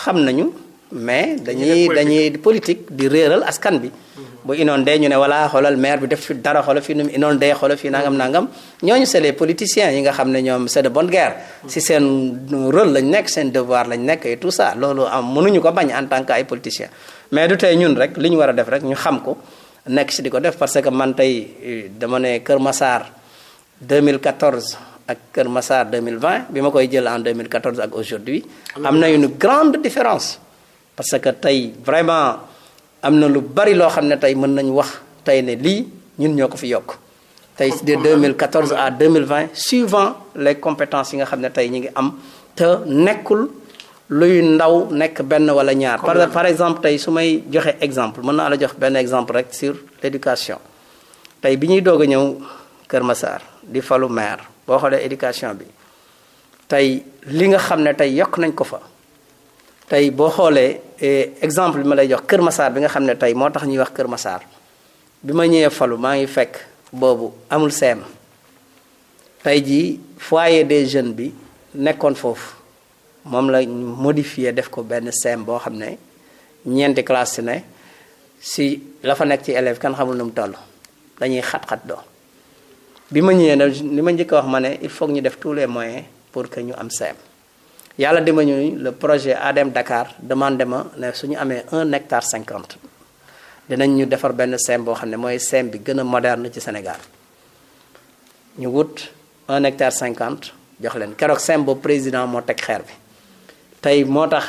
xam nañu. mais dañuy dañuy politique di réeral askan bi bu inondé ñu ne voilà xoolal maire bi def fi dara xoolal fii nu mu inondé xoolal fii nangam nangam ñooñu c'est les politiciens yi nga xam ne ñoom c'est de bonne guerre si seen rôle lañ nekk seen devoir lañ nekk et tout ça loolu am mënuñu ko bañ en tant que ay mais du tey ñun rek li ñu war a def rek ñu xam ko nekk si di ko def parce que man tey eh, dama ne Kër Massar 2014 ak Kër Massar 2020 bi ma koy jël en 2014 ak aujourd'hui am na une grande différence parce que tey vraiment am na lu bari loo xam ne tey mën nañu wax tey ne lii ñun ñoo ko fi yokk tey de 2014 à 2020 suivant les compétences yi nga xam ne tey ñu ngi am te nekkul luy ndaw nekk benn wala ñaar par par exemple tey su may joxe exemple mën naa la jox benn exemple rek sur l'éducation tey bi ñuy doog a ñëw Kër Massar di falu maire boo xoolee éducation bi tey li nga xam ne tey yokk nañ ko fa tey boo xoolee eh, exemple bi ma lay jox Kër Massar bi nga xam ne tey moo tax ñuy wax Kër Massar bi ma ñëwee falu maa ngi fekk boobu amul CM tey jii foyer des jeunes bi nekkoon foofu moom la modifié def ko benn CM boo xam ne ñeenti classe si si la fa nekk ci élève kan xamul nu mu toll dañuy xat-xat doo bi ma ñëwee nag li ma njëkk a wax ma ne il faut ñu def tous les moyens pour que ñu am CM yàlla dimbali ñu le projet ADM Dakar demandé ma ne su ñu amee un hectare cinquante dinañ ñu defar benn seem boo xam ne mooy seem bi gën a moderne ci Sénégal ñu wut un hectare cinquante jox leen keroog seem boobu président moo teg xeer bi tey moo tax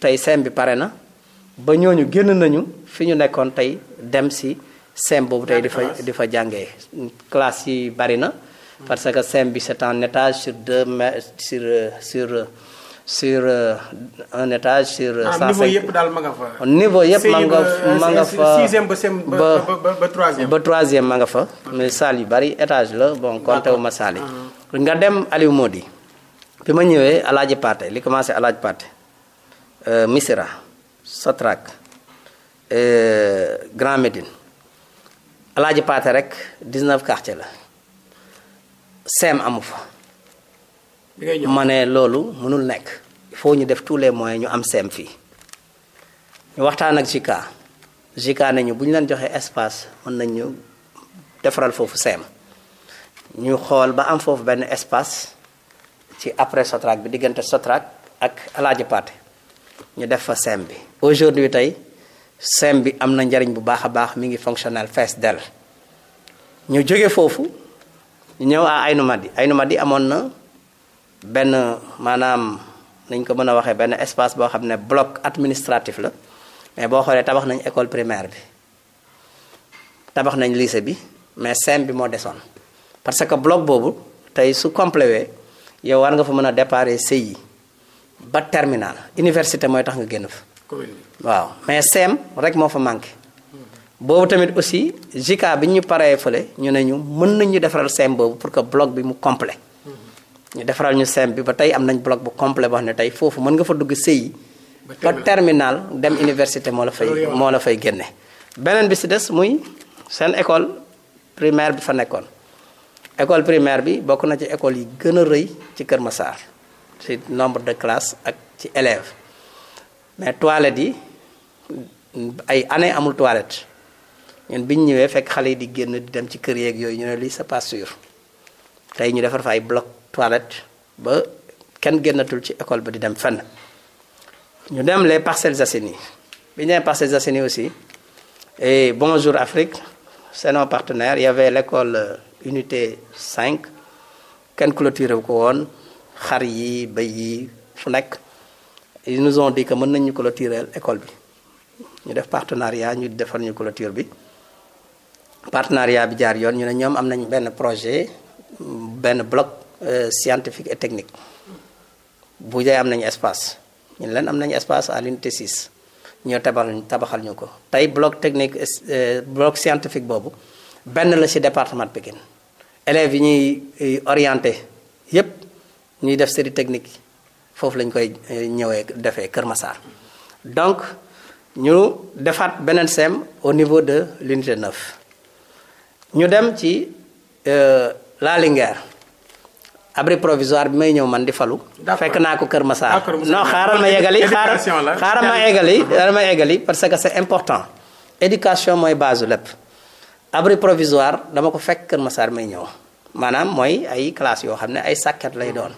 tey seem bi pare na ba ñooñu génn nañu fi ñu nekkoon tey dem si seem boobu tey di fa di fa jàngee classe yi bari na parce que seem bi c'est en étage sur deux mètres sur sur sur euh, un sur. Euh, ah, niveau yëpp daal ma nga fa. niveau yëpp ma nga euh, ma nga fa ba sem ma nga fa mais salle yu bari étage la bon compté wu ah. nga dem Aliou Modi bi ma ñëwee Alaaji Paate li commencé Alaaji Paate Misira Satrak Grand Médine Alaaji Paate rek 19 quartier la seem amu fa. ma ne loolu mënul nekk il ñu def tous les moyens ñu am seem fii ñu waxtaan ak JICA JICA nañu ñu bu ñu leen joxee espace mën nañ ñu defaral foofu seem ñu xool ba am foofu benn espace ci après sotrak bi diggante Sotrac ak Alaaji Paate ñu def fa seem bi aujourd'hui tey seem bi am na njariñ bu baax a baax mi ngi fonctionnel fees del ñu jóge foofu ñu ñëw à Aynu Madi Aynu Madi amoon na benn maanaam nañ ko mën a waxee benn espace boo xam ne bloc administratif la mais boo xoolee tabax nañu école primaire bi tabax nañ lycée bi mais CEM bi moo desoon parce que bloc boobu tey su compléwee yow war nga fa mën a déparé yi ba terminal université mooy tax nga génn fa waaw mais CEM rek moo fa manqué boobu tamit aussi JICA bi ñu paree fële ñu ne ñu mën ñu defaral CEM boobu pour que bloc bi mu complet ñu defaral ñu sem bi ba tey am nañ bloc bu complet boo xam ne tey foofu mën nga fa dugg sëyi ba terminal dem université moo la fay moo la fay génne beneen bi si des muy seen école primaire bi fa nekkoon école primaire bi bokk na ci école yi gën a rëy ci Kër Massar ci nombre de classes ak ci élèves mais toilettes yi ay année amul toilette ñun biñ ñëwee fekk xale yi di génn di dem ci kër yeeg yooyu ñu ne lii c'est pas tey ñu defar fa ay bloc toilette ba kenn génnatul ci école bi di dem fenn ñu dem les Parcelles Assainies bi ñu demee Parcelles Assainies aussi et eh, Bonjour Afrique c'est nos partenaires il y avait l'école euh, unité 5 kenn clôturé wu ko woon xar yi béy yi fu nekk ils nous ont dit que mën nañu clôturer école bi ñu def partenariat ñu defal ñu clôture bi partenariat bi jaar yoon ñu ne ñoom am nañu benn projet benn bloc Euh, scientifique et technique bu dee am nañu espace ñun leen am nañu espace à l'unité ñoo tabaxal tabaxal ñu ko tey bloc technique euh, bloc scientifique boobu benn la ci département pekin élèves yi ñuy orienté yépp ñuy def série technique foofu lañ koy euh, ñëwee defee Kër Massar donc ñu defaat beneen sem au niveau de l'unité 9 ñu dem ci la Linguère abri provisoire bi may ñëw man di falu. fekk naa ko Kër Massar. non xaaral ma yegali xaaral xaaral ma yegali xaaral ma yegali parce que c'est important. éducation mooy base su abri provisoire dama ko fekk Kër Massar may ñëw maanaam mooy ay classes yoo xam ne ay sàkket lay doon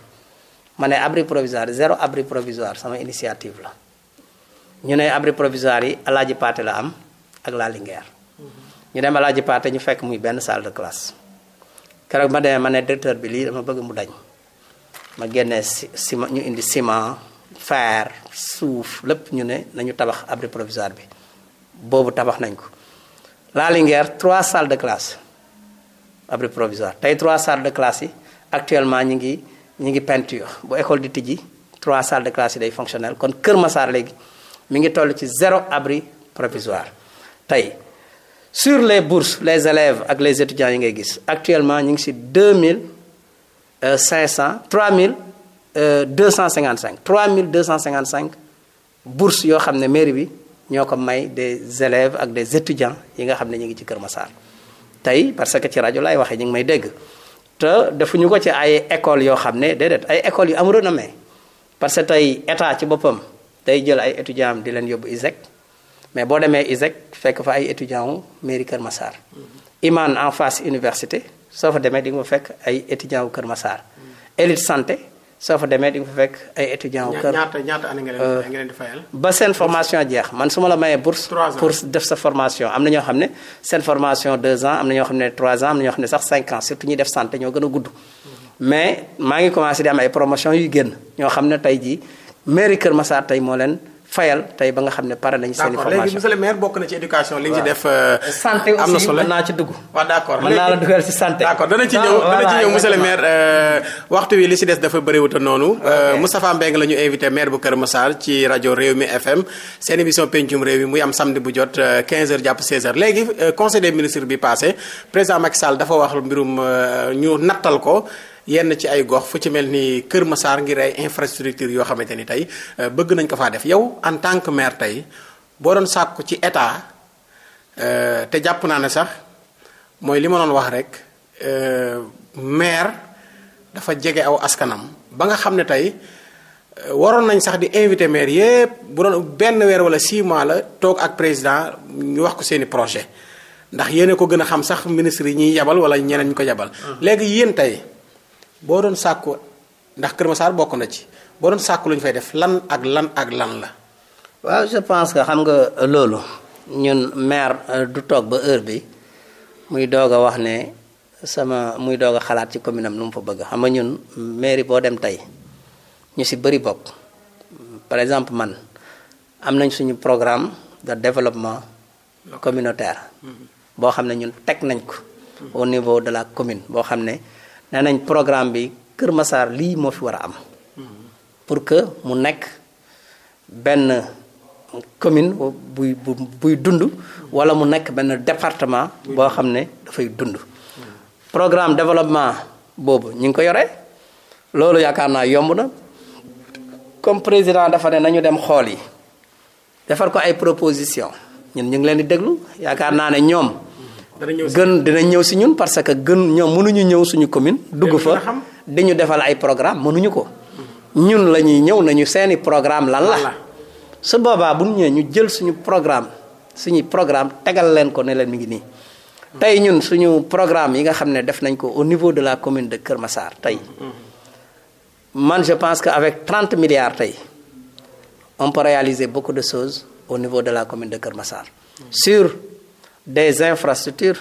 ma ne abri provisoire zéro abri provisoire sama initiative la ñu ne abri provisoire yi alaaji paate la am ak la Linguère mhm. ñu dem alaaji paate ñu fekk muy benn salle de classe. keroog ma demee ma ne directeur bi lii dama bëgg mu dañ ma génnee ciment ñu indi ciment fer suuf lépp ñu ne nañu tabax abri provisoire bi boobu tabax nañ ko la Linguère trois salles de classe abri provisoire tey trois salles de classe yi actuellement ñi ngi ñi ngi peinture bu école di tijji trois salles de classe yi day fonctionnel kon Kër Massar léegi mi ngi toll ci zéro abri provisoire tey sur les bourses les élèves ak les étudiants yi ngay gis actuellement ñu ngi si deux mille cinq euh, cent trois mille deux cent cinquante cinq trois mille deux cent cinquante cinq bourses yoo xam ne mairie bi ñoo ko may des élèves ak des étudiants yi nga xam ne ñu ngi ci Kër Massar tey parce que ci rajo lay waxee ñi ngi may dégg te defuñu ko ci ay écoles yoo xam ne déedéet ay écoles yu am may parce que tey état ci boppam day jël ay étudiants am di leen yóbbu ISEC. mais boo demee ISEC fekk fa ay étudiants wu mairie Kër Massar. Iman en face université soo fa demee di nga fa fekk ay étudiants wu Kër Massar. élite santé soo fa demee di fa fekk ay étudiants. wu Kër ñaata euh, ba seen formation jeex su la mayee bourse. pour def sa formation am na ñoo xam ans am na ñoo xam ne 3 ans am na ñoo xam ne sax 5 ans surtout ñuy def santé ñoo gën a gudd. mais maa ngi commencé di am ay promotion yuy génn ñoo xam ne tey jii mairie Kër Massar tey moo leen. fayal tey ba nga xam ne pare nañ seen formation léegi monsieur maire bokk na ci éducation li ñu ci def. Euh, santé na mën naa ci dugg. waaw accord naa la dugal ci santé. d' accord dana ci ñëw ah, dana ci ñëw monsieur maire euh, waxtu wi li si des dafa bëriwuta noonu. Euh, Moustapha Mbengue la ñu invité maire bu Kër Massar ci rajo réew mi FM seen émission pencum réew mi muy am samedi bu jot 15h jàpp 16h léegi conseil des ministres bi passé président Macky Sall dafa wax mbirum ñu nattal ko. yenn ci ay gox fu ci mel nii Kër Massar ngir ay infrastructure yoo xamante ni tey euh, bëgg nañ ko faa def yow en tant que maire tey boo doon sàkku ci état euh, te jàpp naa ne sax mooy li ma doon wax rek euh, maire dafa jege aw askanam ba nga xam ne tey waroon nañ sax di invité maire yépp bu doon benn weer wala six mois la toog ak président ñu wax ko seeni projet ndax yéen ko gën a xam sax ministre yi ñuy yabal wala ñeneen ñu ko yabal ah. léegi yéen tey boo doon sàkku ndax Kër Masar bokk na ci boo doon sàkku lu ñu fay def lan ak lan ak lan la. waaw je pense que xam nga loolu ñun maire euh, du toog ba heure bi muy doog a wax ne sama muy doog a xalaat ci commune am lu mu fa bëgg xam nga ñun mairie boo dem tey ñu si bëri bokk par exemple man am nañ suñu programme de développement communautaire mhm. boo xam ne ñun teg nañ ko au niveau de la commune boo xam ne. nee nañ programme bi Kër Massar lii moo fi war a am pour que mu nekk benn commune buy buy dund wala mu nekk benn département boo xam ne dafay dund programme développement boobu ñu ngi ko yore loolu yaakaar naa yomb na comme président dafa ne nañu dem xool yi defar ko ay proposition ñun ñu ngi leen di déglu yaakaar naa ne ñoom gën dina ñëw si ñun parce que gën ñoom mënuñu ñëw suñu commune dugg fa dañu defal ay programme mënuñu ko ñun la ñuy ñëw nañu seeni programme lan la su boobaa bu ñëwee ñu jël suñu programme suñuy programme tegal leen ko ne leen mi ngi nii tey ñun suñu programme yi nga xam ne def nañ ko au niveau de la commune de Kër Massar tey man je pense que avec 30 milliards tey on peut réaliser beaucoup de choses au niveau de la commune de Kër Massar sur des infrastructures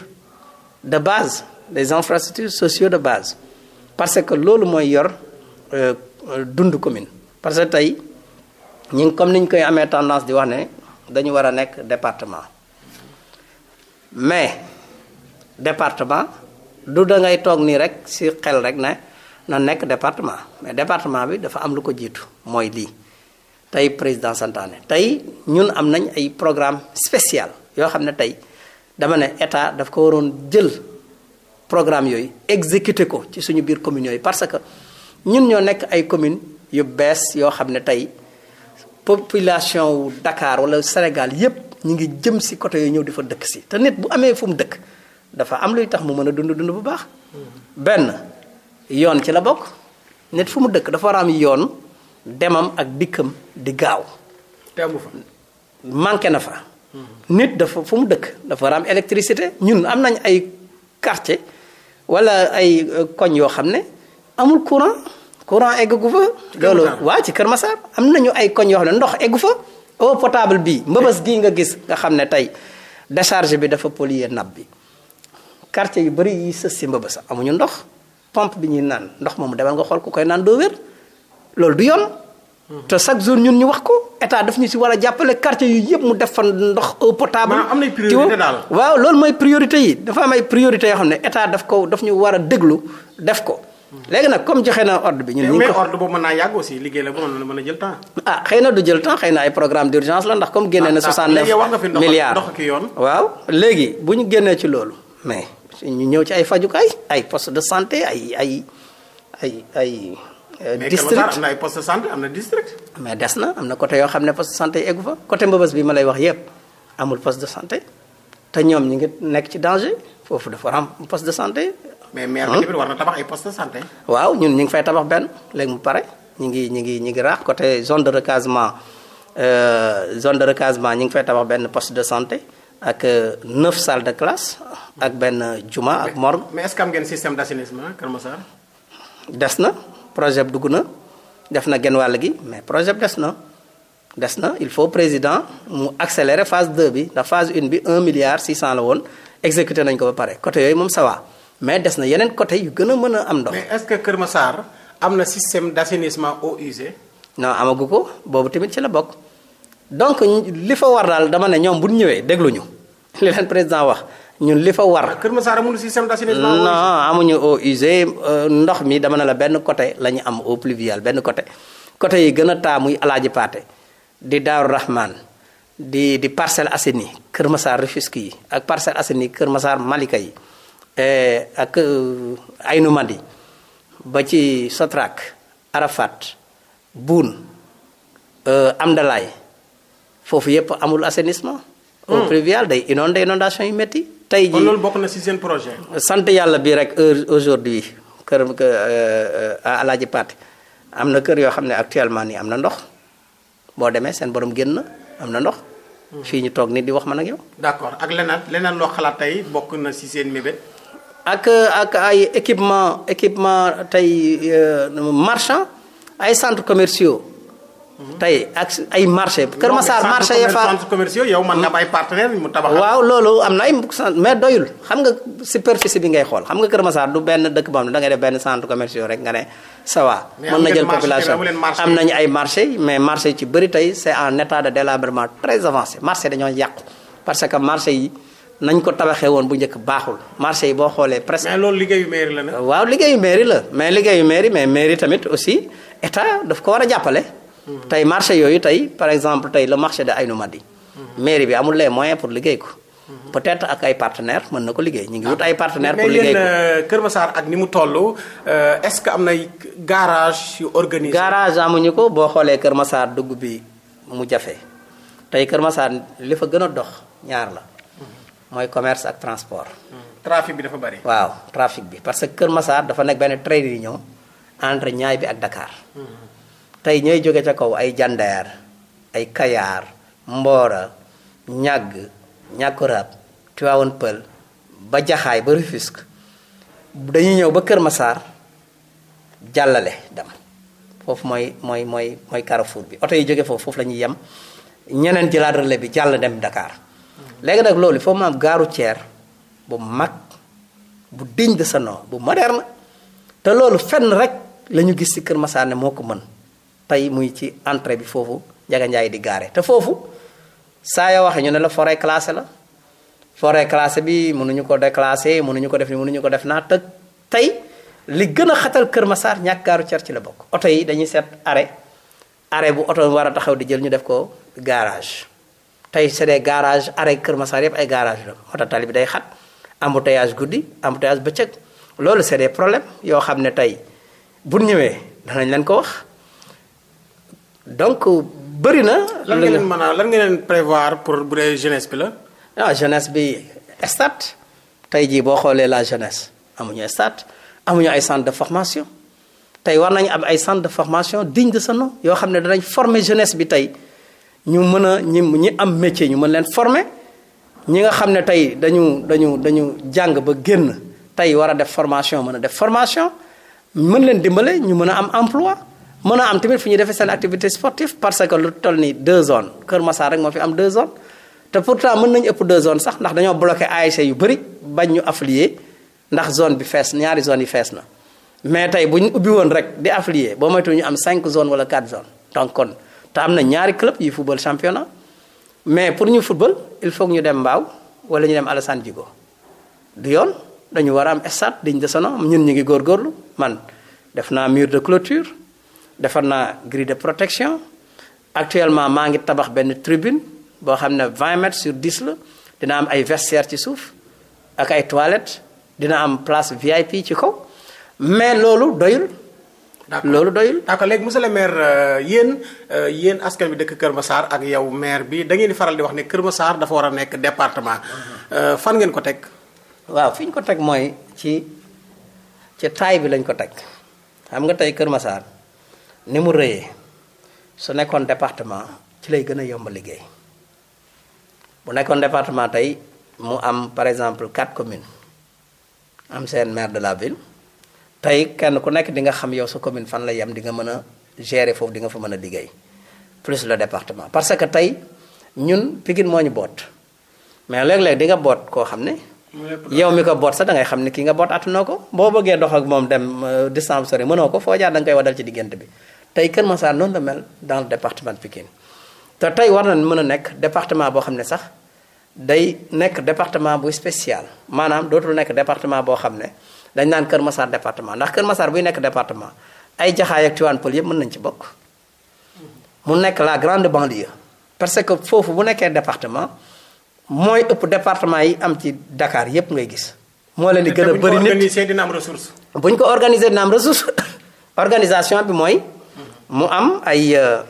de base des infrastructures sociaux de base parce que loolu mooy yor euh, dund commune parce que tey ñi comme ni ñu koy amee tendance di wax ne dañu war a nekk département mais département du da ngay toog nii rek si xel rek ne na nekk département mais département bi dafa am lu ko jiitu mooy lii tey président santaane tey ñun am nañ ay programme spécial yoo xam ne tey dama ne état daf ko waroon jël programme yooyu exécuté ko ci suñu biir communes yooyu parce que ñun ñoo nekk ay communes yu bees yoo xam ne tey population wu Dakar wala Sénégal yépp ñu ngi jëm si côté yooyu ñëw di fa dëkk si te nit bu amee fu mu dëkk dafa am luy tax mu mën a dund dund bu baax benn yoon ci la bokk nit fu mu dëkk dafa war am yoon demam ak dikkam di gaaw manqué na fa nit dafa fu mu dëkk dafa war a am ñun am nañ ay quartier wala ay euh, koñ yoo xam ne amul courant courant eggu fa. loolu waaw ci Kër Massar am nañu ay koñ yoo xam ne ndox eggu fa. eau potable bi mbëbës bii nga gis nga xam ne tey décharge bi dafa polluer nappe bi quartier yu bari yi sës si mbëbës amuñu ndox pompe bi ñuy naan ndox moom demal nga xool ku koy naan doo wér loolu du yoon. te chaque jour ñun ñu wax ko état daf ñu si war a jàppale quartier yu yëpp mu def fan ndox eau potable. am nay priorité daal waaw loolu mooy priorité yi dafa am ay priorité yoo xam ne état daf ko daf ñu war a déglu def ko. léegi nag comme joxe na ordre bi. ñun ñu ngi ko mais ordre boobu mën naa yàgg aussi liggéey la mën a jël temps. ah xëy na du jël temps xëy na ay programme d' la ndax comme génne na. 69 ah, ah, milliards ndox ki yoon. waaw léegi bu ñu génnee ci loolu mais ñu ñëw ci ay fajukaay ay poste de santé ay ay Euh, district mais am na ay poste de santé am na district. mais des na am na côté yoo xam ne poste de santé yi eggu fa côté mbëbës bi ma lay wax yépp amul poste de santé te ñoom ñi ngi nekk ci danger foofu dafa am poste de santé. mais maire bi war na tabax ay poste de santé. waaw ñun ñu ngi fay tabax benn léegi mu pare ñu ngi ñu ngi ñu raax côté zone de recasement euh, zone de recasement ñu ngi fay tabax benn poste de santé. ak euh, neuf salles de classe ak benn juma ak morgue. mais est ngeen système d'assainissement Kër Massar. des na projet bi dugg na def na genn wàll gi mais projet bi des na des na il faut président mu accélérer phase deux bi ndax phase 1 bi 1 milliard 600 la woon exécuté nañ ko ba pare côté yooyu moom sawaa mais des na yeneen côté yu gën a mën a am ndox. mais est-ce que Kër Massar am na système d'assainissement eau usée. non amagu ko boobu tamit ci la bokk donc li fa war daal dama ne ñoom bu ñu ñëwee dégluñu [LAUGHS] li leen président wax. ñun li fa war. Ah, Kër Masar amul système d'assainissement. non amuñu eau usée euh, ndox mi dama na la benn côté la ñu am eau pluviale benn côté côté yi gën a taa muy Alaaji Paate di Daaru Rahman di di Parcelles Assainies Kër Masar Rufisque yi ak Parcelles Assainies Kër Masar Malika eh, ak euh, Aynu ba ci Sotrak Arafat Boun euh, Amdalaay foofu yëpp amul assainissement. eau hmm. pluviale day inondé inondation yu métti. tey jii kon bokk na ci seen projet. sant yàlla bi rek heure aujourd'hui kër euh, euh, Alaaji Paate am na kër yoo xam ne actuellement nii am na ndox boo demee seen borom génn am na ndox. Hmm. fii ñu toog nit di wax man ak yow. d'accord ak lenaat leneen loo xalaat tey bokk na ci seen mébét. ak ak ay équipement équipement tey euh, marchand ay centres commerciaux. tey ak ay marché Kër Massar marché ya fa yow mën nga ay partenaires mu tabax waaw loolu am na ay mais doyul xam nga superficie bi ngay xool xam nga Kër Massar du benn dëkk boo xam ne da ngay def benn centre commerciaux rek nga ne ça va. mën na jël population am nañu ay marché mais marché ci bëri tey c' est en état de délabrement très avancé marché dañoo yàqu parce que marché yi. nañ ko tabaxee woon bu njëkk baaxul marché yi boo xoolee presque. mais loolu liggéeyu mairie la nag. waaw liggéeyu mairie la mais liggéeyu mairie mais mairie tamit aussi état daf ko war a jàppale. Mm-hmm. tey marché yooyu tey par exemple tey le marché de Aynou Madi mm-hmm. mairie bi amul les moyens pour liggéey ko. Mm-hmm. peut-être ak ay partenaires mën na ko liggéey ñu ngi wut ah. ay partenaires pour liggéey ko mais euh, Kër Massar ak ni mu toll euh, est-ce que am na garage yu organisé. garage amuñu ko boo xoolee Kër Massar dugg bi mu jafe tey Kër Massar li fa gën a dox ñaar la mooy commerce ak transport. trafic bi dafa bari. waaw trafic bi parce que Kër Massar dafa nekk benn trait d'union entre Niayes bi ak Dakar. tey ñooy jóge ca kaw ay jandeer ay kayaar mboora ñàgg ñàkkurab Tiwaawan Pël ba jaxaay ba Rufisque dañuy ñëw ba Kër Masaar jàllale dem foofu mooy mooy mooy mooy carrefour bi oto yi jóge foofu foofu la ñuy yem ñeneen jëlaat relais bi jàll dem Dakar nag loolu foo mu am gaaru bu mag bu loolu fenn rek lañu gis ci Kër Masaar ne moo ko mën tey muy ci entrée bi foofu Njaga Njaay di gaare te foofu saa yow waxee ñu ne la forêt classée la forêt classée bi mënuñu ko déclassé mënuñu ko def ni mënuñu ko def naa te tey li gën a xatal Kër Massar ñàkk gaaru cer ci la bokk oto yi dañuy seet arrêt are bu oto war a taxaw di jël ñu def ko garage tey c'est des garages arrêt Kër Massar yëpp ay garage la oto tali bi day xat embouteillage guddi embouteillage bëccëg loolu c'est des problèmes yoo xam ne tey bu ñëwee danañ leen ko wax donc bëri na. lan ngeen mën lan ngeen prévoir pour bu dee jeunesse bi la. ah jeunesse bi stade tey jii boo xoolee la jeunesse amuñu stade amuñu ay centre de formation tey war nañ am ay centre de formation digne de yoo xam ne danañ former jeunesse bi tey ñu mën a ñi ñi am métier ñu mën leen former ñi nga xam ne tey dañu dañu dañu jàng ba génn tey war a def formation mën a def formation mën leen dimbale ñu mën a am emploi mën a am tamit fi ñu defee seen activité sportive parce que lu toll nii deux zones Kër Massar rek moo fi am deux zones te pourtant mën nañu ëpp deux zones sax ndax dañoo bloqué ASC yu bëri bañ ñu affilier ndax zone bi fees ñaari zones yi fees na mais tey bu ñu ubbi woon rek di affilier boo moytu ñu am cinq zones wala quatre zones donc kon te am na ñaari club yuy football championnat mais pour ñu football il faut ñu dem Mbaaw wala ñu dem Alassane Djigo du yoon dañu war a am stade digne de son ñun ñu ngi góorgóorlu man def naa mur de clôture. defar naa grille de protection actuellement maa ngi tabax benn tribune boo xam ne 20 mètres sur 10 la dina am ay vestiaires ci suuf ak ay toilettes dina am place VIP ci kaw mais loolu doyul. d'accord loolu doyul. d'accord léegi monsieur le maire euh, euh, yéen askan bi dëkk Kër saar ak yow maire bi da ngeen di faral di wax ne Kër saar dafa war a nekk département. Euh, fan ngeen ko teg. waaw fiiñ ko teg mooy ci ci taay bi lañ ko teg xam nga tey Kër Massar. ni mu rëyee su nekkoon département ci lay gën a yomb liggéey bu nekkoon département tey mu am par exemple quatre commune am seen maire de la ville tey kenn ku nekk di nga xam yow sa commune fan la yem di nga mën a gérer foofu di nga fa mën a liggéey plus le département parce que tey ñun Pikine moo ñu boot mais léeg-léeg di nga boot koo xam ne. yow mi ko boot sax da ngay xam ne ki nga boot at attanoo ko boo bëggee dox ak moom dem euh, distance sori mënoo ko foo jaar da nga koy wadal ci diggante bi. tey Kër Massar noonu la mel dans le département de te tey war na mën a nekk département boo xam ne sax day nekk département bu spécial maanaam dootul nekk département boo xam ne dañ naan Kër Massar département ndax Kër Massar buy nekk département ay Jaxaay ak Tivaouane yëpp mën nañ ci bokk mu nekk la grande banlieue parce que foofu bu nekkee département mooy ëpp département yi am ci dakaar yëpp ngay gis moo leen di gën a bëri nit bu ñu ko organisé dina ko organisé dina organisation bi mooy mu am ay euh,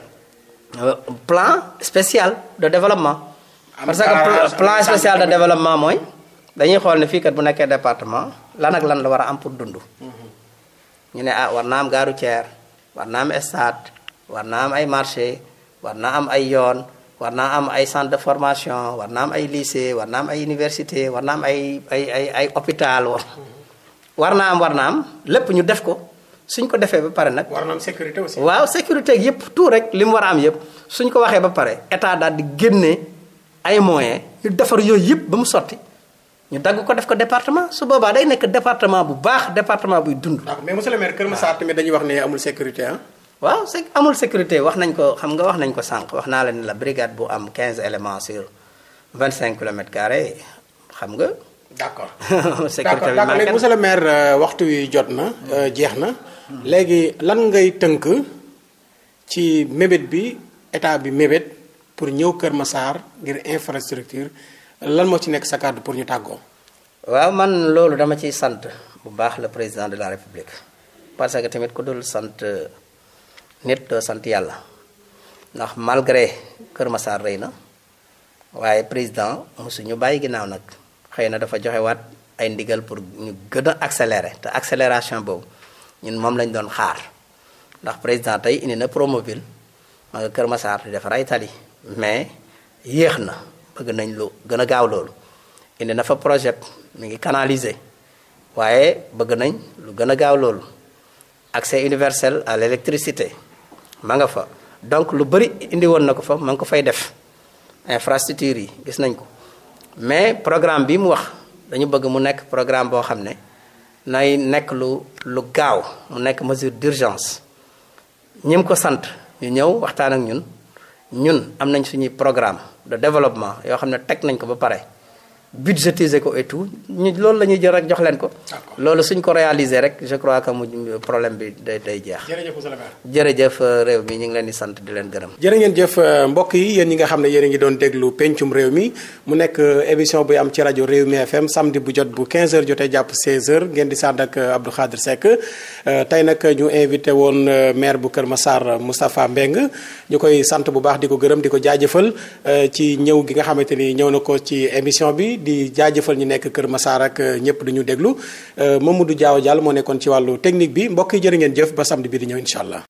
plan spécial de développement. parce que plan spécial de développement mooy dañuy xool ne fii kat bu nekkee département lan ak lan la war a am pour dund. Mhm. ñu ne ah war naa am gare routière war naa am stade war naa am ay marché war naa am ay yoon war naa am ay centre de formation war naa am ay lycée war naa am ay université war naa am ay ay ay ay hôpital war mhm. naa am war naa am lépp ñu def ko. suñ ko defee ba pare nag. war na sécurité aussi. waaw sécurité ak yëpp tout rek li mu war a am yëpp suñ ko waxee ba pare état daal di génnee ay moyen yu defar yooyu yëpp ba mu sotti. ñu dagg ko def ko département su boobaa day nekk département bu baax département buy dund. waaw mais monsieur le maire Kër Massar tamit dañuy wax ne amul sécurité ah. waaw sécurité wax nañ ko xam nga wax nañ ko sànq wax naa la la brigade bu am 15 éléments sur 25 kilomètres carrés xam nga. d' accord [LAUGHS] sécurité bi manqué d' le maire euh, waxtu wi jot na euh, jeex na. léegi lan ngay tënk ci mébét bi état bi mébét pour ñëw Kër Massar ngir infrastructure lan moo ci nekk sa kàddu pour ñu tàggoo. waaw man loolu dama ciy sant bu baax la président de la république parce que tamit ku dul sant euh, nit doo sant yàlla ndax malgré Kër masaar rëy na waaye président mosu ñu bàyyi ginnaaw nag xëy na dafa joxewaat ay ndigal pour ñu gën a accélérer te accélération boobu. ñun moom lañ doon xaar ndax président tey indi na promobile ma nga Kër Massar di defar ay tali mais yéex na bëgg nañ lu gën a gaaw loolu indi na fa projet mi ngi canaliser waaye bëgg nañ lu gën a gaaw loolu accès universel à l'électricité ma nga fa donc lu bëri indi woon na ko fa ma ngi ko fay def infrastructure yi gis nañ ko mais programme bi mu wax dañu bëgg mu nekk programme boo xam ne nay nekk lu lu gaaw mu nekk mesure d'urgence ñi ko sant ñu ñëw waxtaan ak ñun ñun am nañ suñuy programme de développement yoo xam ne teg nañ ko ba pare budgétiser ko et tout ñu loolu la ñuy jël rek jox leen ko. loolu suñ ko réaliser rek je crois que mu problème bi day day jeex. jërëjëf monsieur le maire. jërëjëf euh, réew mi ñu ngi leen di sant di leen gërëm. jërë ngeen jëf euh, mbokk yi yéen ñi nga xam ne yéen a ngi doon déglu pencum réew mi mu nekk euh, émission bi am ci rajo réew mi FM samedi bu jot bu 15h jotee jàpp 16h ngeen di sànd ak Abdou Khadre Seck. Euh, tey nag ñu invité woon euh, maire bu Kër Massar Moustapha Mbengue ñu koy sant bu baax di ko gërëm di ko jaajëfal euh, ci ñëw gi nga xamante ni ñëw na ko ci émission bi di jaajëfal ñu nekk Kër Massar ak ñëpp du ñu déglu Mamadou Diaw Diall moo nekkoon ci wàllu technique bi mbokk yi jërë ngeen jëf ba samedi bi di ñëw incha allah.